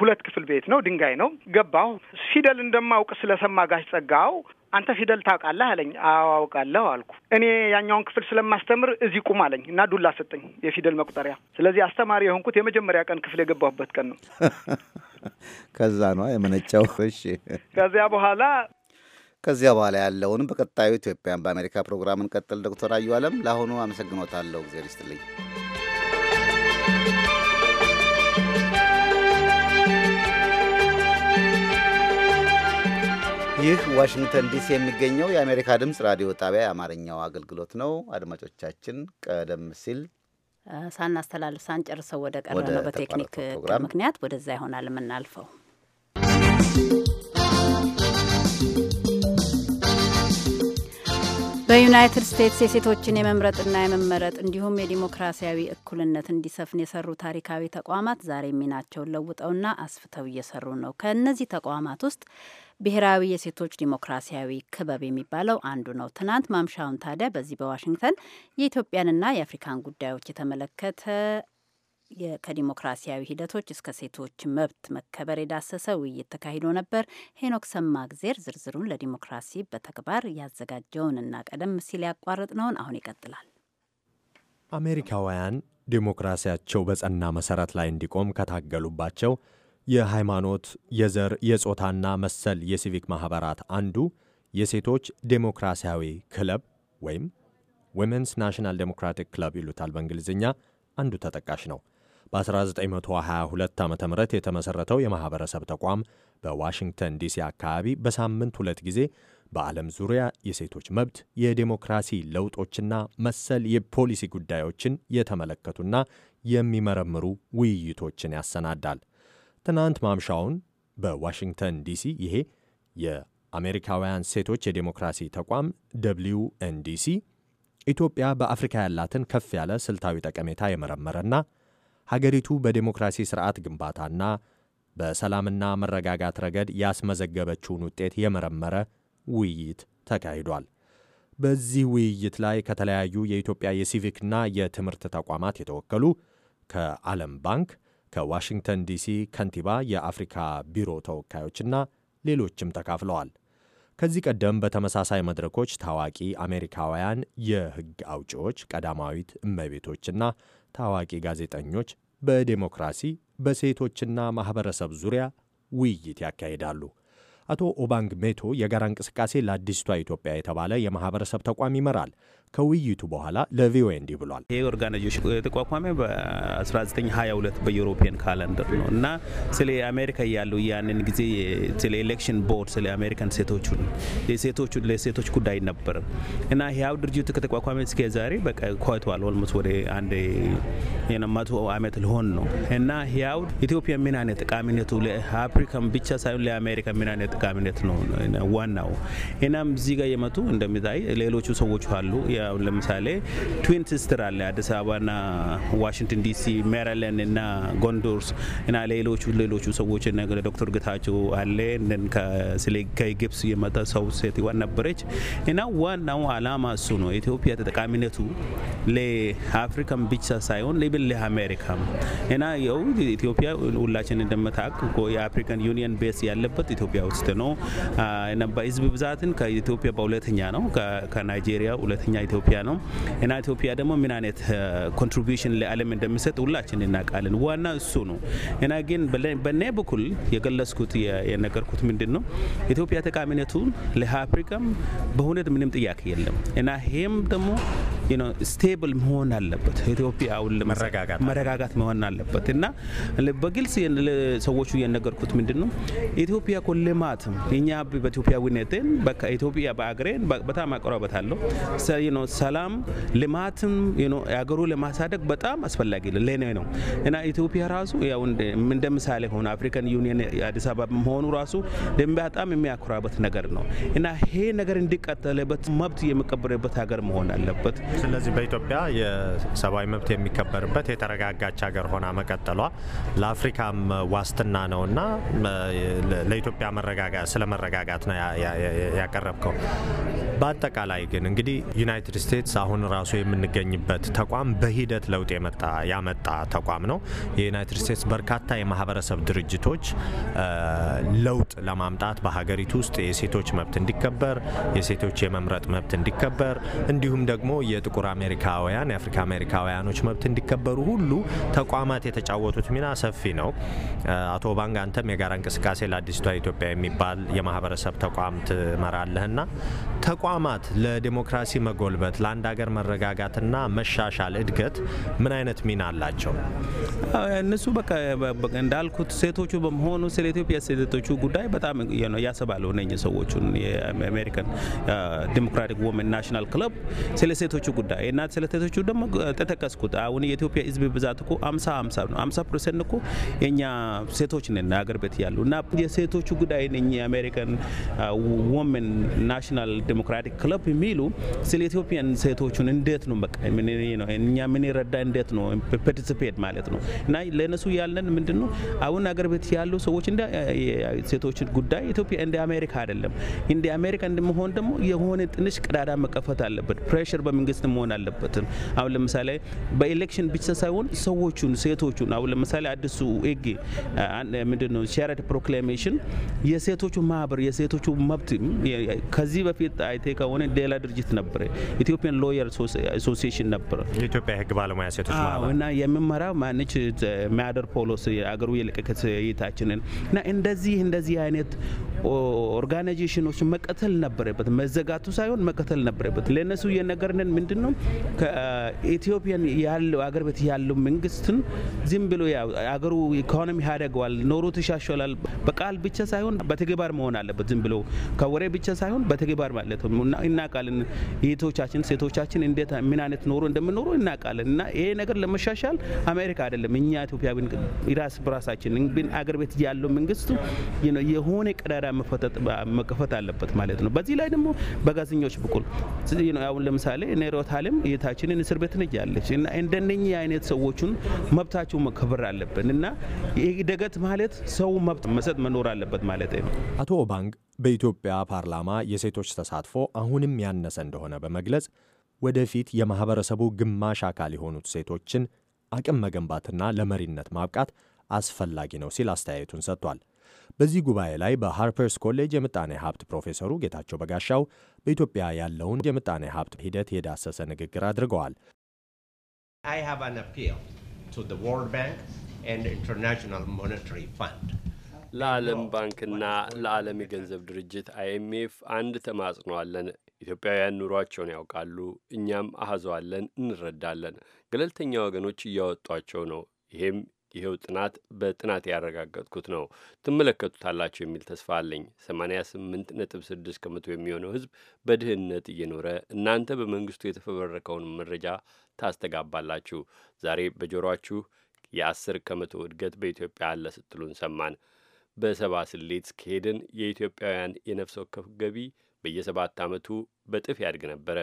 ሁለት ክፍል ቤት ነው፣ ድንጋይ ነው። ገባሁ ፊደል እንደማውቅ ስለሰማ ጋሽ ጸጋው አንተ ፊደል ታውቃለህ አለኝ። አዎ አውቃለሁ አልኩ። እኔ ያኛውን ክፍል ስለማስተምር እዚህ ቁም አለኝ እና ዱላ ሰጠኝ፣ የፊደል መቁጠሪያ። ስለዚህ አስተማሪ የሆንኩት የመጀመሪያ ቀን ክፍል የገባሁበት ቀን ነው። ከዛ ነው የመነጨው። እሺ፣ ከዚያ በኋላ ከዚያ በኋላ ያለውን በቀጣዩ ኢትዮጵያን በአሜሪካ ፕሮግራም እንቀጥል። ዶክተር አዩ አለም ለአሁኑ አመሰግኖታለሁ። እግዜር ይስጥልኝ። ይህ ዋሽንግተን ዲሲ የሚገኘው የአሜሪካ ድምፅ ራዲዮ ጣቢያ የአማርኛው አገልግሎት ነው። አድማጮቻችን፣ ቀደም ሲል ሳናስተላልፍ ሳንጨርሰው ወደ ቀረ ነው በቴክኒክ ምክንያት ወደዛ ይሆናል የምናልፈው። በዩናይትድ ስቴትስ የሴቶችን የመምረጥና የመመረጥ እንዲሁም የዲሞክራሲያዊ እኩልነት እንዲሰፍን የሰሩ ታሪካዊ ተቋማት ዛሬ ሚናቸውን ለውጠውና አስፍተው እየሰሩ ነው። ከእነዚህ ተቋማት ውስጥ ብሔራዊ የሴቶች ዲሞክራሲያዊ ክበብ የሚባለው አንዱ ነው። ትናንት ማምሻውን ታዲያ በዚህ በዋሽንግተን የኢትዮጵያንና የአፍሪካን ጉዳዮች የተመለከተ ከዲሞክራሲያዊ ሂደቶች እስከ ሴቶች መብት መከበር የዳሰሰ ውይይት ተካሂዶ ነበር። ሄኖክ ሰማእግዜር ዝርዝሩን ለዲሞክራሲ በተግባር ያዘጋጀውንና ቀደም ሲል ነውን አሁን ይቀጥላል። አሜሪካውያን ዲሞክራሲያቸው በጸና መሰረት ላይ እንዲቆም ከታገሉባቸው የሃይማኖት፣ የዘር፣ የጾታና መሰል የሲቪክ ማኅበራት አንዱ የሴቶች ዴሞክራሲያዊ ክለብ ወይም ዊሜንስ ናሽናል ዴሞክራቲክ ክለብ ይሉታል በእንግሊዝኛ አንዱ ተጠቃሽ ነው። በ1922 ዓ ም የተመሠረተው የማኅበረሰብ ተቋም በዋሽንግተን ዲሲ አካባቢ በሳምንት ሁለት ጊዜ በዓለም ዙሪያ የሴቶች መብት፣ የዴሞክራሲ ለውጦችና መሰል የፖሊሲ ጉዳዮችን የተመለከቱና የሚመረምሩ ውይይቶችን ያሰናዳል። ትናንት ማምሻውን በዋሽንግተን ዲሲ ይሄ የአሜሪካውያን ሴቶች የዴሞክራሲ ተቋም ደብሊው ኤን ዲሲ ኢትዮጵያ በአፍሪካ ያላትን ከፍ ያለ ስልታዊ ጠቀሜታ የመረመረና ሀገሪቱ በዴሞክራሲ ሥርዓት ግንባታና በሰላምና መረጋጋት ረገድ ያስመዘገበችውን ውጤት የመረመረ ውይይት ተካሂዷል። በዚህ ውይይት ላይ ከተለያዩ የኢትዮጵያ የሲቪክና የትምህርት ተቋማት የተወከሉ ከዓለም ባንክ፣ ከዋሽንግተን ዲሲ ከንቲባ የአፍሪካ ቢሮ ተወካዮችና ሌሎችም ተካፍለዋል። ከዚህ ቀደም በተመሳሳይ መድረኮች ታዋቂ አሜሪካውያን የሕግ አውጪዎች፣ ቀዳማዊት እመቤቶችና ታዋቂ ጋዜጠኞች በዴሞክራሲ በሴቶችና ማኅበረሰብ ዙሪያ ውይይት ያካሂዳሉ። አቶ ኦባንግ ሜቶ የጋራ እንቅስቃሴ ለአዲስቷ ኢትዮጵያ የተባለ የማኅበረሰብ ተቋም ይመራል። ከውይይቱ በኋላ ለቪኦኤ እንዲህ ብሏል። ይህ ኦርጋናይዜሽን የተቋቋመ በ1922 በዩሮፒያን ካለንደር ነው እና ስለ አሜሪካ ያሉ ያንን ጊዜ ስለ ኤሌክሽን ቦርድ ስለ አሜሪካን ሴቶቹን የሴቶቹ ለሴቶች ጉዳይ ነበር እና ያው ድርጅቱ ከተቋቋመ እስከ ዛሬ በቃ ቆይቷል። ኦልሞስት ወደ አንድ የነማቱ አመት ሊሆን ነው እና ያው ኢትዮጵያ ምን አይነት ጠቃሚነቱ ለአፍሪካን ብቻ ሳይሆን ለአሜሪካ ምን አይነት ጠቃሚነት ነው ዋናው። እናም እዚህ ጋር የመጡ እንደሚታይ ሌሎቹ ሰዎች አሉ አሁን ለምሳሌ ትዊን ሲስተር አለ አዲስ አበባና ዋሽንግተን ዲሲ፣ ሜሪላንድ እና ጎንዶርስ እና ሌሎቹ ሌሎቹ ሰዎች ዶክተር ግታቸው አለ ከግብጽ የመጣ ሰው ሴት ሴትዋ ነበረች እና ዋናው አላማ እሱ ነው። ኢትዮጵያ ተጠቃሚነቱ ለአፍሪካን ብቻ ሳይሆን ሊብን ለአሜሪካ እና ው ኢትዮጵያ ሁላችን እንደምታቅ የአፍሪካን ዩኒየን ቤስ ያለበት ኢትዮጵያ ውስጥ ነው ህዝብ ብዛትን ከኢትዮጵያ በሁለተኛ ነው ከናይጄሪያ ሁለተኛ ኢትዮጵያ ነው እና ኢትዮጵያ ደግሞ ምን አይነት ኮንትሪቢሽን ለዓለም እንደሚሰጥ ሁላችን እናውቃለን። ዋና እሱ ነው እና ግን በእኔ በኩል የገለጽኩት የነገርኩት ምንድን ነው ኢትዮጵያ ተቃሚነቱ ለአፍሪካም በእውነት ምንም ጥያቄ የለም እና ይህም ደግሞ ስቴብል መሆን አለበት። ኢትዮጵያ አሁን መረጋጋት መሆን አለበት እና በግልጽ ሰዎቹ የነገርኩት ምንድን ነው ኢትዮጵያ እኮ ልማት እኛ በኢትዮጵያዊነትን በኢትዮጵያ በአገሬን በጣም አቅርበታለሁ ነው ሰላም ልማትም የሀገሩ ለማሳደግ በጣም አስፈላጊ ለኔ ነው እና ኢትዮጵያ ራሱ እንደ ምሳሌ ሆነ አፍሪካን ዩኒየን አዲስ አበባ መሆኑ ራሱ በጣም የሚያኩራበት ነገር ነው እና ይሄ ነገር እንዲቀጠልበት መብት የሚከበርበት ሀገር መሆን አለበት። ስለዚህ በኢትዮጵያ የሰብአዊ መብት የሚከበርበት የተረጋጋች ሀገር ሆና መቀጠሏ ለአፍሪካም ዋስትና ነው እና ለኢትዮጵያ ስለ መረጋጋት ነው ያቀረብከው። በአጠቃላይ ግን እንግዲህ ዩናይትድ ዩናይትድ ስቴትስ አሁን ራሱ የምንገኝበት ተቋም በሂደት ለውጥ ያመጣ ተቋም ነው። የዩናይትድ ስቴትስ በርካታ የማህበረሰብ ድርጅቶች ለውጥ ለማምጣት በሀገሪቱ ውስጥ የሴቶች መብት እንዲከበር፣ የሴቶች የመምረጥ መብት እንዲከበር፣ እንዲሁም ደግሞ የጥቁር አሜሪካውያን የአፍሪካ አሜሪካውያኖች መብት እንዲከበሩ ሁሉ ተቋማት የተጫወቱት ሚና ሰፊ ነው። አቶ ባንግ አንተም የጋራ እንቅስቃሴ ለአዲስቷ ኢትዮጵያ የሚባል የማህበረሰብ ተቋም ትመራለህና ተቋማት ለዲሞክራሲ መጎል ማጎልበት ለአንድ ሀገር መረጋጋትና መሻሻል እድገት ምን አይነት ሚና አላቸው? እነሱ በቃ እንዳልኩት ሴቶቹ በመሆኑ ስለ ኢትዮጵያ ሴቶቹ ጉዳይ በጣም ያስባሉ። እነ ሰዎቹን የአሜሪካን ዲሞክራቲክ ወመን ናሽናል ክለብ ስለ ሴቶቹ ጉዳይ እና ስለ ሴቶቹ ደግሞ ተጠቀስኩት። አሁን የኢትዮጵያ ህዝብ ብዛት እኮ አምሳ አምሳ ነው። አምሳ ፐርሰንት እኮ የእኛ ሴቶች ነን አገር ቤት ያሉ እና የሴቶቹ ጉዳይ ነ የአሜሪካን ወመን ናሽናል ዲሞክራቲክ ክለብ የሚሉ ስለ ኢትዮጵያን ሴቶቹን እንዴት ነው በቃ እኛ ምን ይረዳ እንዴት ነው ፓርቲሲፔት ማለት ነው። እና ለእነሱ ያለን ምንድን ነው አሁን አገር ቤት ያሉ ሰዎች እንደ ሴቶች ጉዳይ ኢትዮጵያ እንደ አሜሪካ አይደለም። እንደ አሜሪካ እንደመሆን ደግሞ የሆነ ትንሽ ቅዳዳ መቀፈት አለበት። ፕሬሽር በመንግስት መሆን አለበት አሁን ለምሳሌ በኤሌክሽን ብቻ ሳይሆን ሰዎቹን ሴቶቹን አሁን ለምሳሌ አዲሱ ህግ ምንድን ነው ሼርድ ፕሮክላሜሽን የሴቶቹ ማህበር የሴቶቹ መብት ከዚህ በፊት አይቴ ከሆነ ሌላ ድርጅት ነበረ ኢትዮጵያን ሎየር አሶሲሽን ነበር የኢትዮጵያ ህግ ባለሙያ ሴቶች ማለት እና የምመራ ማንች ሚያደር ፖሎስ አገሩ የለቀቀት እይታችንን እና እንደዚህ እንደዚህ አይነት ኦርጋናይዜሽኖች መቀተል ነበረበት፣ መዘጋቱ ሳይሆን መቀተል ነበረበት። ለእነሱ የነገርንን ምንድን ነው ከኢትዮጵያን ያለው አገር ቤት ያለው መንግስትን ዝም ብሎ አገሩ ኢኮኖሚ ያደገዋል፣ ኖሮ ተሻሻላል፣ በቃል ብቻ ሳይሆን በተግባር መሆን አለበት። ዝም ብሎ ከወሬ ብቻ ሳይሆን በተግባር ማለት ነው እና ቃልን ይቶች ወንዶቻችን ሴቶቻችን እንዴት ምን አይነት ኖሮ እንደምንኖሩ እናውቃለን። እና ይሄ ነገር ለመሻሻል አሜሪካ አይደለም እኛ ኢትዮጵያ ራስ በራሳችን አገር ቤት ያለው መንግስቱ የሆነ ቀዳዳ መከፈት አለበት ማለት ነው። በዚህ ላይ ደግሞ በጋዜጠኞች ብቁል አሁን ለምሳሌ ኔሮት አለም የታችንን እስር ቤት ነጃለች እና እንደነኚህ አይነት ሰዎቹን መብታቸው መከበር አለብን እና ደገት ማለት ሰው መብት መሰጥ መኖር አለበት ማለት ነው። አቶ ኦባንግ በኢትዮጵያ ፓርላማ የሴቶች ተሳትፎ አሁንም ያነሰ እንደሆነ በመግለጽ ወደፊት የማኅበረሰቡ ግማሽ አካል የሆኑት ሴቶችን አቅም መገንባትና ለመሪነት ማብቃት አስፈላጊ ነው ሲል አስተያየቱን ሰጥቷል። በዚህ ጉባኤ ላይ በሃርፐርስ ኮሌጅ የምጣኔ ሀብት ፕሮፌሰሩ ጌታቸው በጋሻው በኢትዮጵያ ያለውን የምጣኔ ሀብት ሂደት የዳሰሰ ንግግር አድርገዋል። I have an appeal to the World Bank and International Monetary Fund. ለዓለም ባንክና ለዓለም የገንዘብ ድርጅት አይኤምኤፍ አንድ ተማጽኖ አለን። ኢትዮጵያውያን ኑሯቸውን ያውቃሉ፣ እኛም አህዘዋለን፣ እንረዳለን። ገለልተኛ ወገኖች እያወጧቸው ነው። ይሄም ይኸው ጥናት በጥናት ያረጋገጥኩት ነው። ትመለከቱታላችሁ የሚል ተስፋ አለኝ። 88 ነጥብ 6 ከመቶ የሚሆነው ህዝብ በድህነት እየኖረ እናንተ በመንግስቱ የተፈበረከውን መረጃ ታስተጋባላችሁ። ዛሬ የ የአስር ከመቶ እድገት በኢትዮጵያ አለ ስትሉን ሰማን። በሰባ ስሌት እስከሄድን የኢትዮጵያውያን የነፍስ ወከፍ ገቢ በየሰባት ዓመቱ በጥፍ ያድግ ነበረ።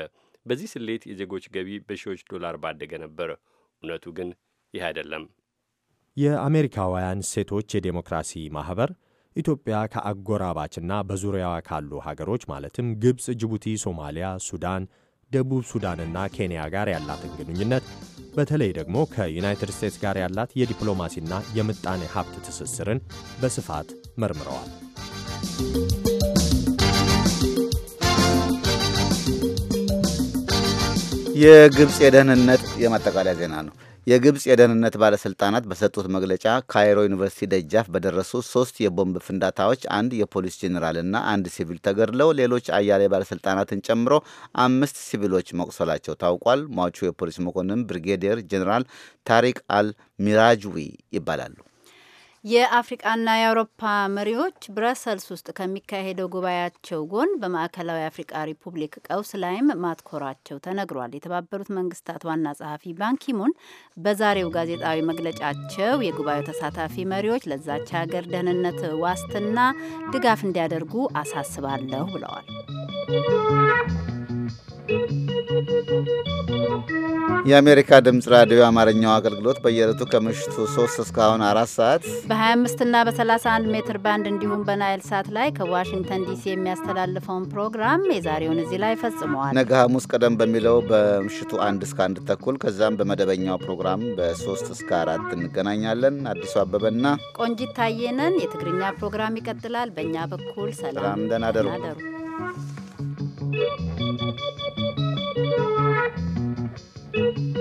በዚህ ስሌት የዜጎች ገቢ በሺዎች ዶላር ባደገ ነበር። እውነቱ ግን ይህ አይደለም። የአሜሪካውያን ሴቶች የዴሞክራሲ ማኅበር ኢትዮጵያ ከአጎራባችና በዙሪያዋ ካሉ ሀገሮች ማለትም ግብፅ፣ ጅቡቲ፣ ሶማሊያ፣ ሱዳን ደቡብ ሱዳንና ኬንያ ጋር ያላትን ግንኙነት በተለይ ደግሞ ከዩናይትድ ስቴትስ ጋር ያላት የዲፕሎማሲና የምጣኔ ሀብት ትስስርን በስፋት መርምረዋል። የግብፅ የደህንነት የማጠቃለያ ዜና ነው። የግብፅ የደህንነት ባለሥልጣናት በሰጡት መግለጫ ካይሮ ዩኒቨርሲቲ ደጃፍ በደረሱ ሶስት የቦምብ ፍንዳታዎች አንድ የፖሊስ ጄኔራልና አንድ ሲቪል ተገድለው ሌሎች አያሌ ባለሥልጣናትን ጨምሮ አምስት ሲቪሎች መቁሰላቸው ታውቋል። ሟቹ የፖሊስ መኮንን ብሪጌዲየር ጄኔራል ታሪክ አል ሚራጅዊ ይባላሉ። የአፍሪቃና የአውሮፓ መሪዎች ብረሰልስ ውስጥ ከሚካሄደው ጉባኤያቸው ጎን በማዕከላዊ አፍሪቃ ሪፑብሊክ ቀውስ ላይም ማትኮራቸው ተነግሯል። የተባበሩት መንግስታት ዋና ጸሐፊ ባንኪሙን በዛሬው ጋዜጣዊ መግለጫቸው የጉባኤው ተሳታፊ መሪዎች ለዛች ሀገር ደህንነት ዋስትና ድጋፍ እንዲያደርጉ አሳስባለሁ ብለዋል። የአሜሪካ ድምፅ ራዲዮ የአማርኛው አገልግሎት በየዕለቱ ከምሽቱ 3 እስካሁን አራት ሰዓት በ25 እና በ31 ሜትር ባንድ እንዲሁም በናይል ሳት ላይ ከዋሽንግተን ዲሲ የሚያስተላልፈውን ፕሮግራም የዛሬውን እዚህ ላይ ፈጽመዋል። ነገ ሐሙስ ቀደም በሚለው በምሽቱ አንድ እስከ አንድ ተኩል ከዛም በመደበኛው ፕሮግራም በ3 እስከ አራት እንገናኛለን። አዲሱ አበበና ቆንጂት ታየነን። የትግርኛ ፕሮግራም ይቀጥላል። በእኛ በኩል ሰላም፣ ደህና ደሩ።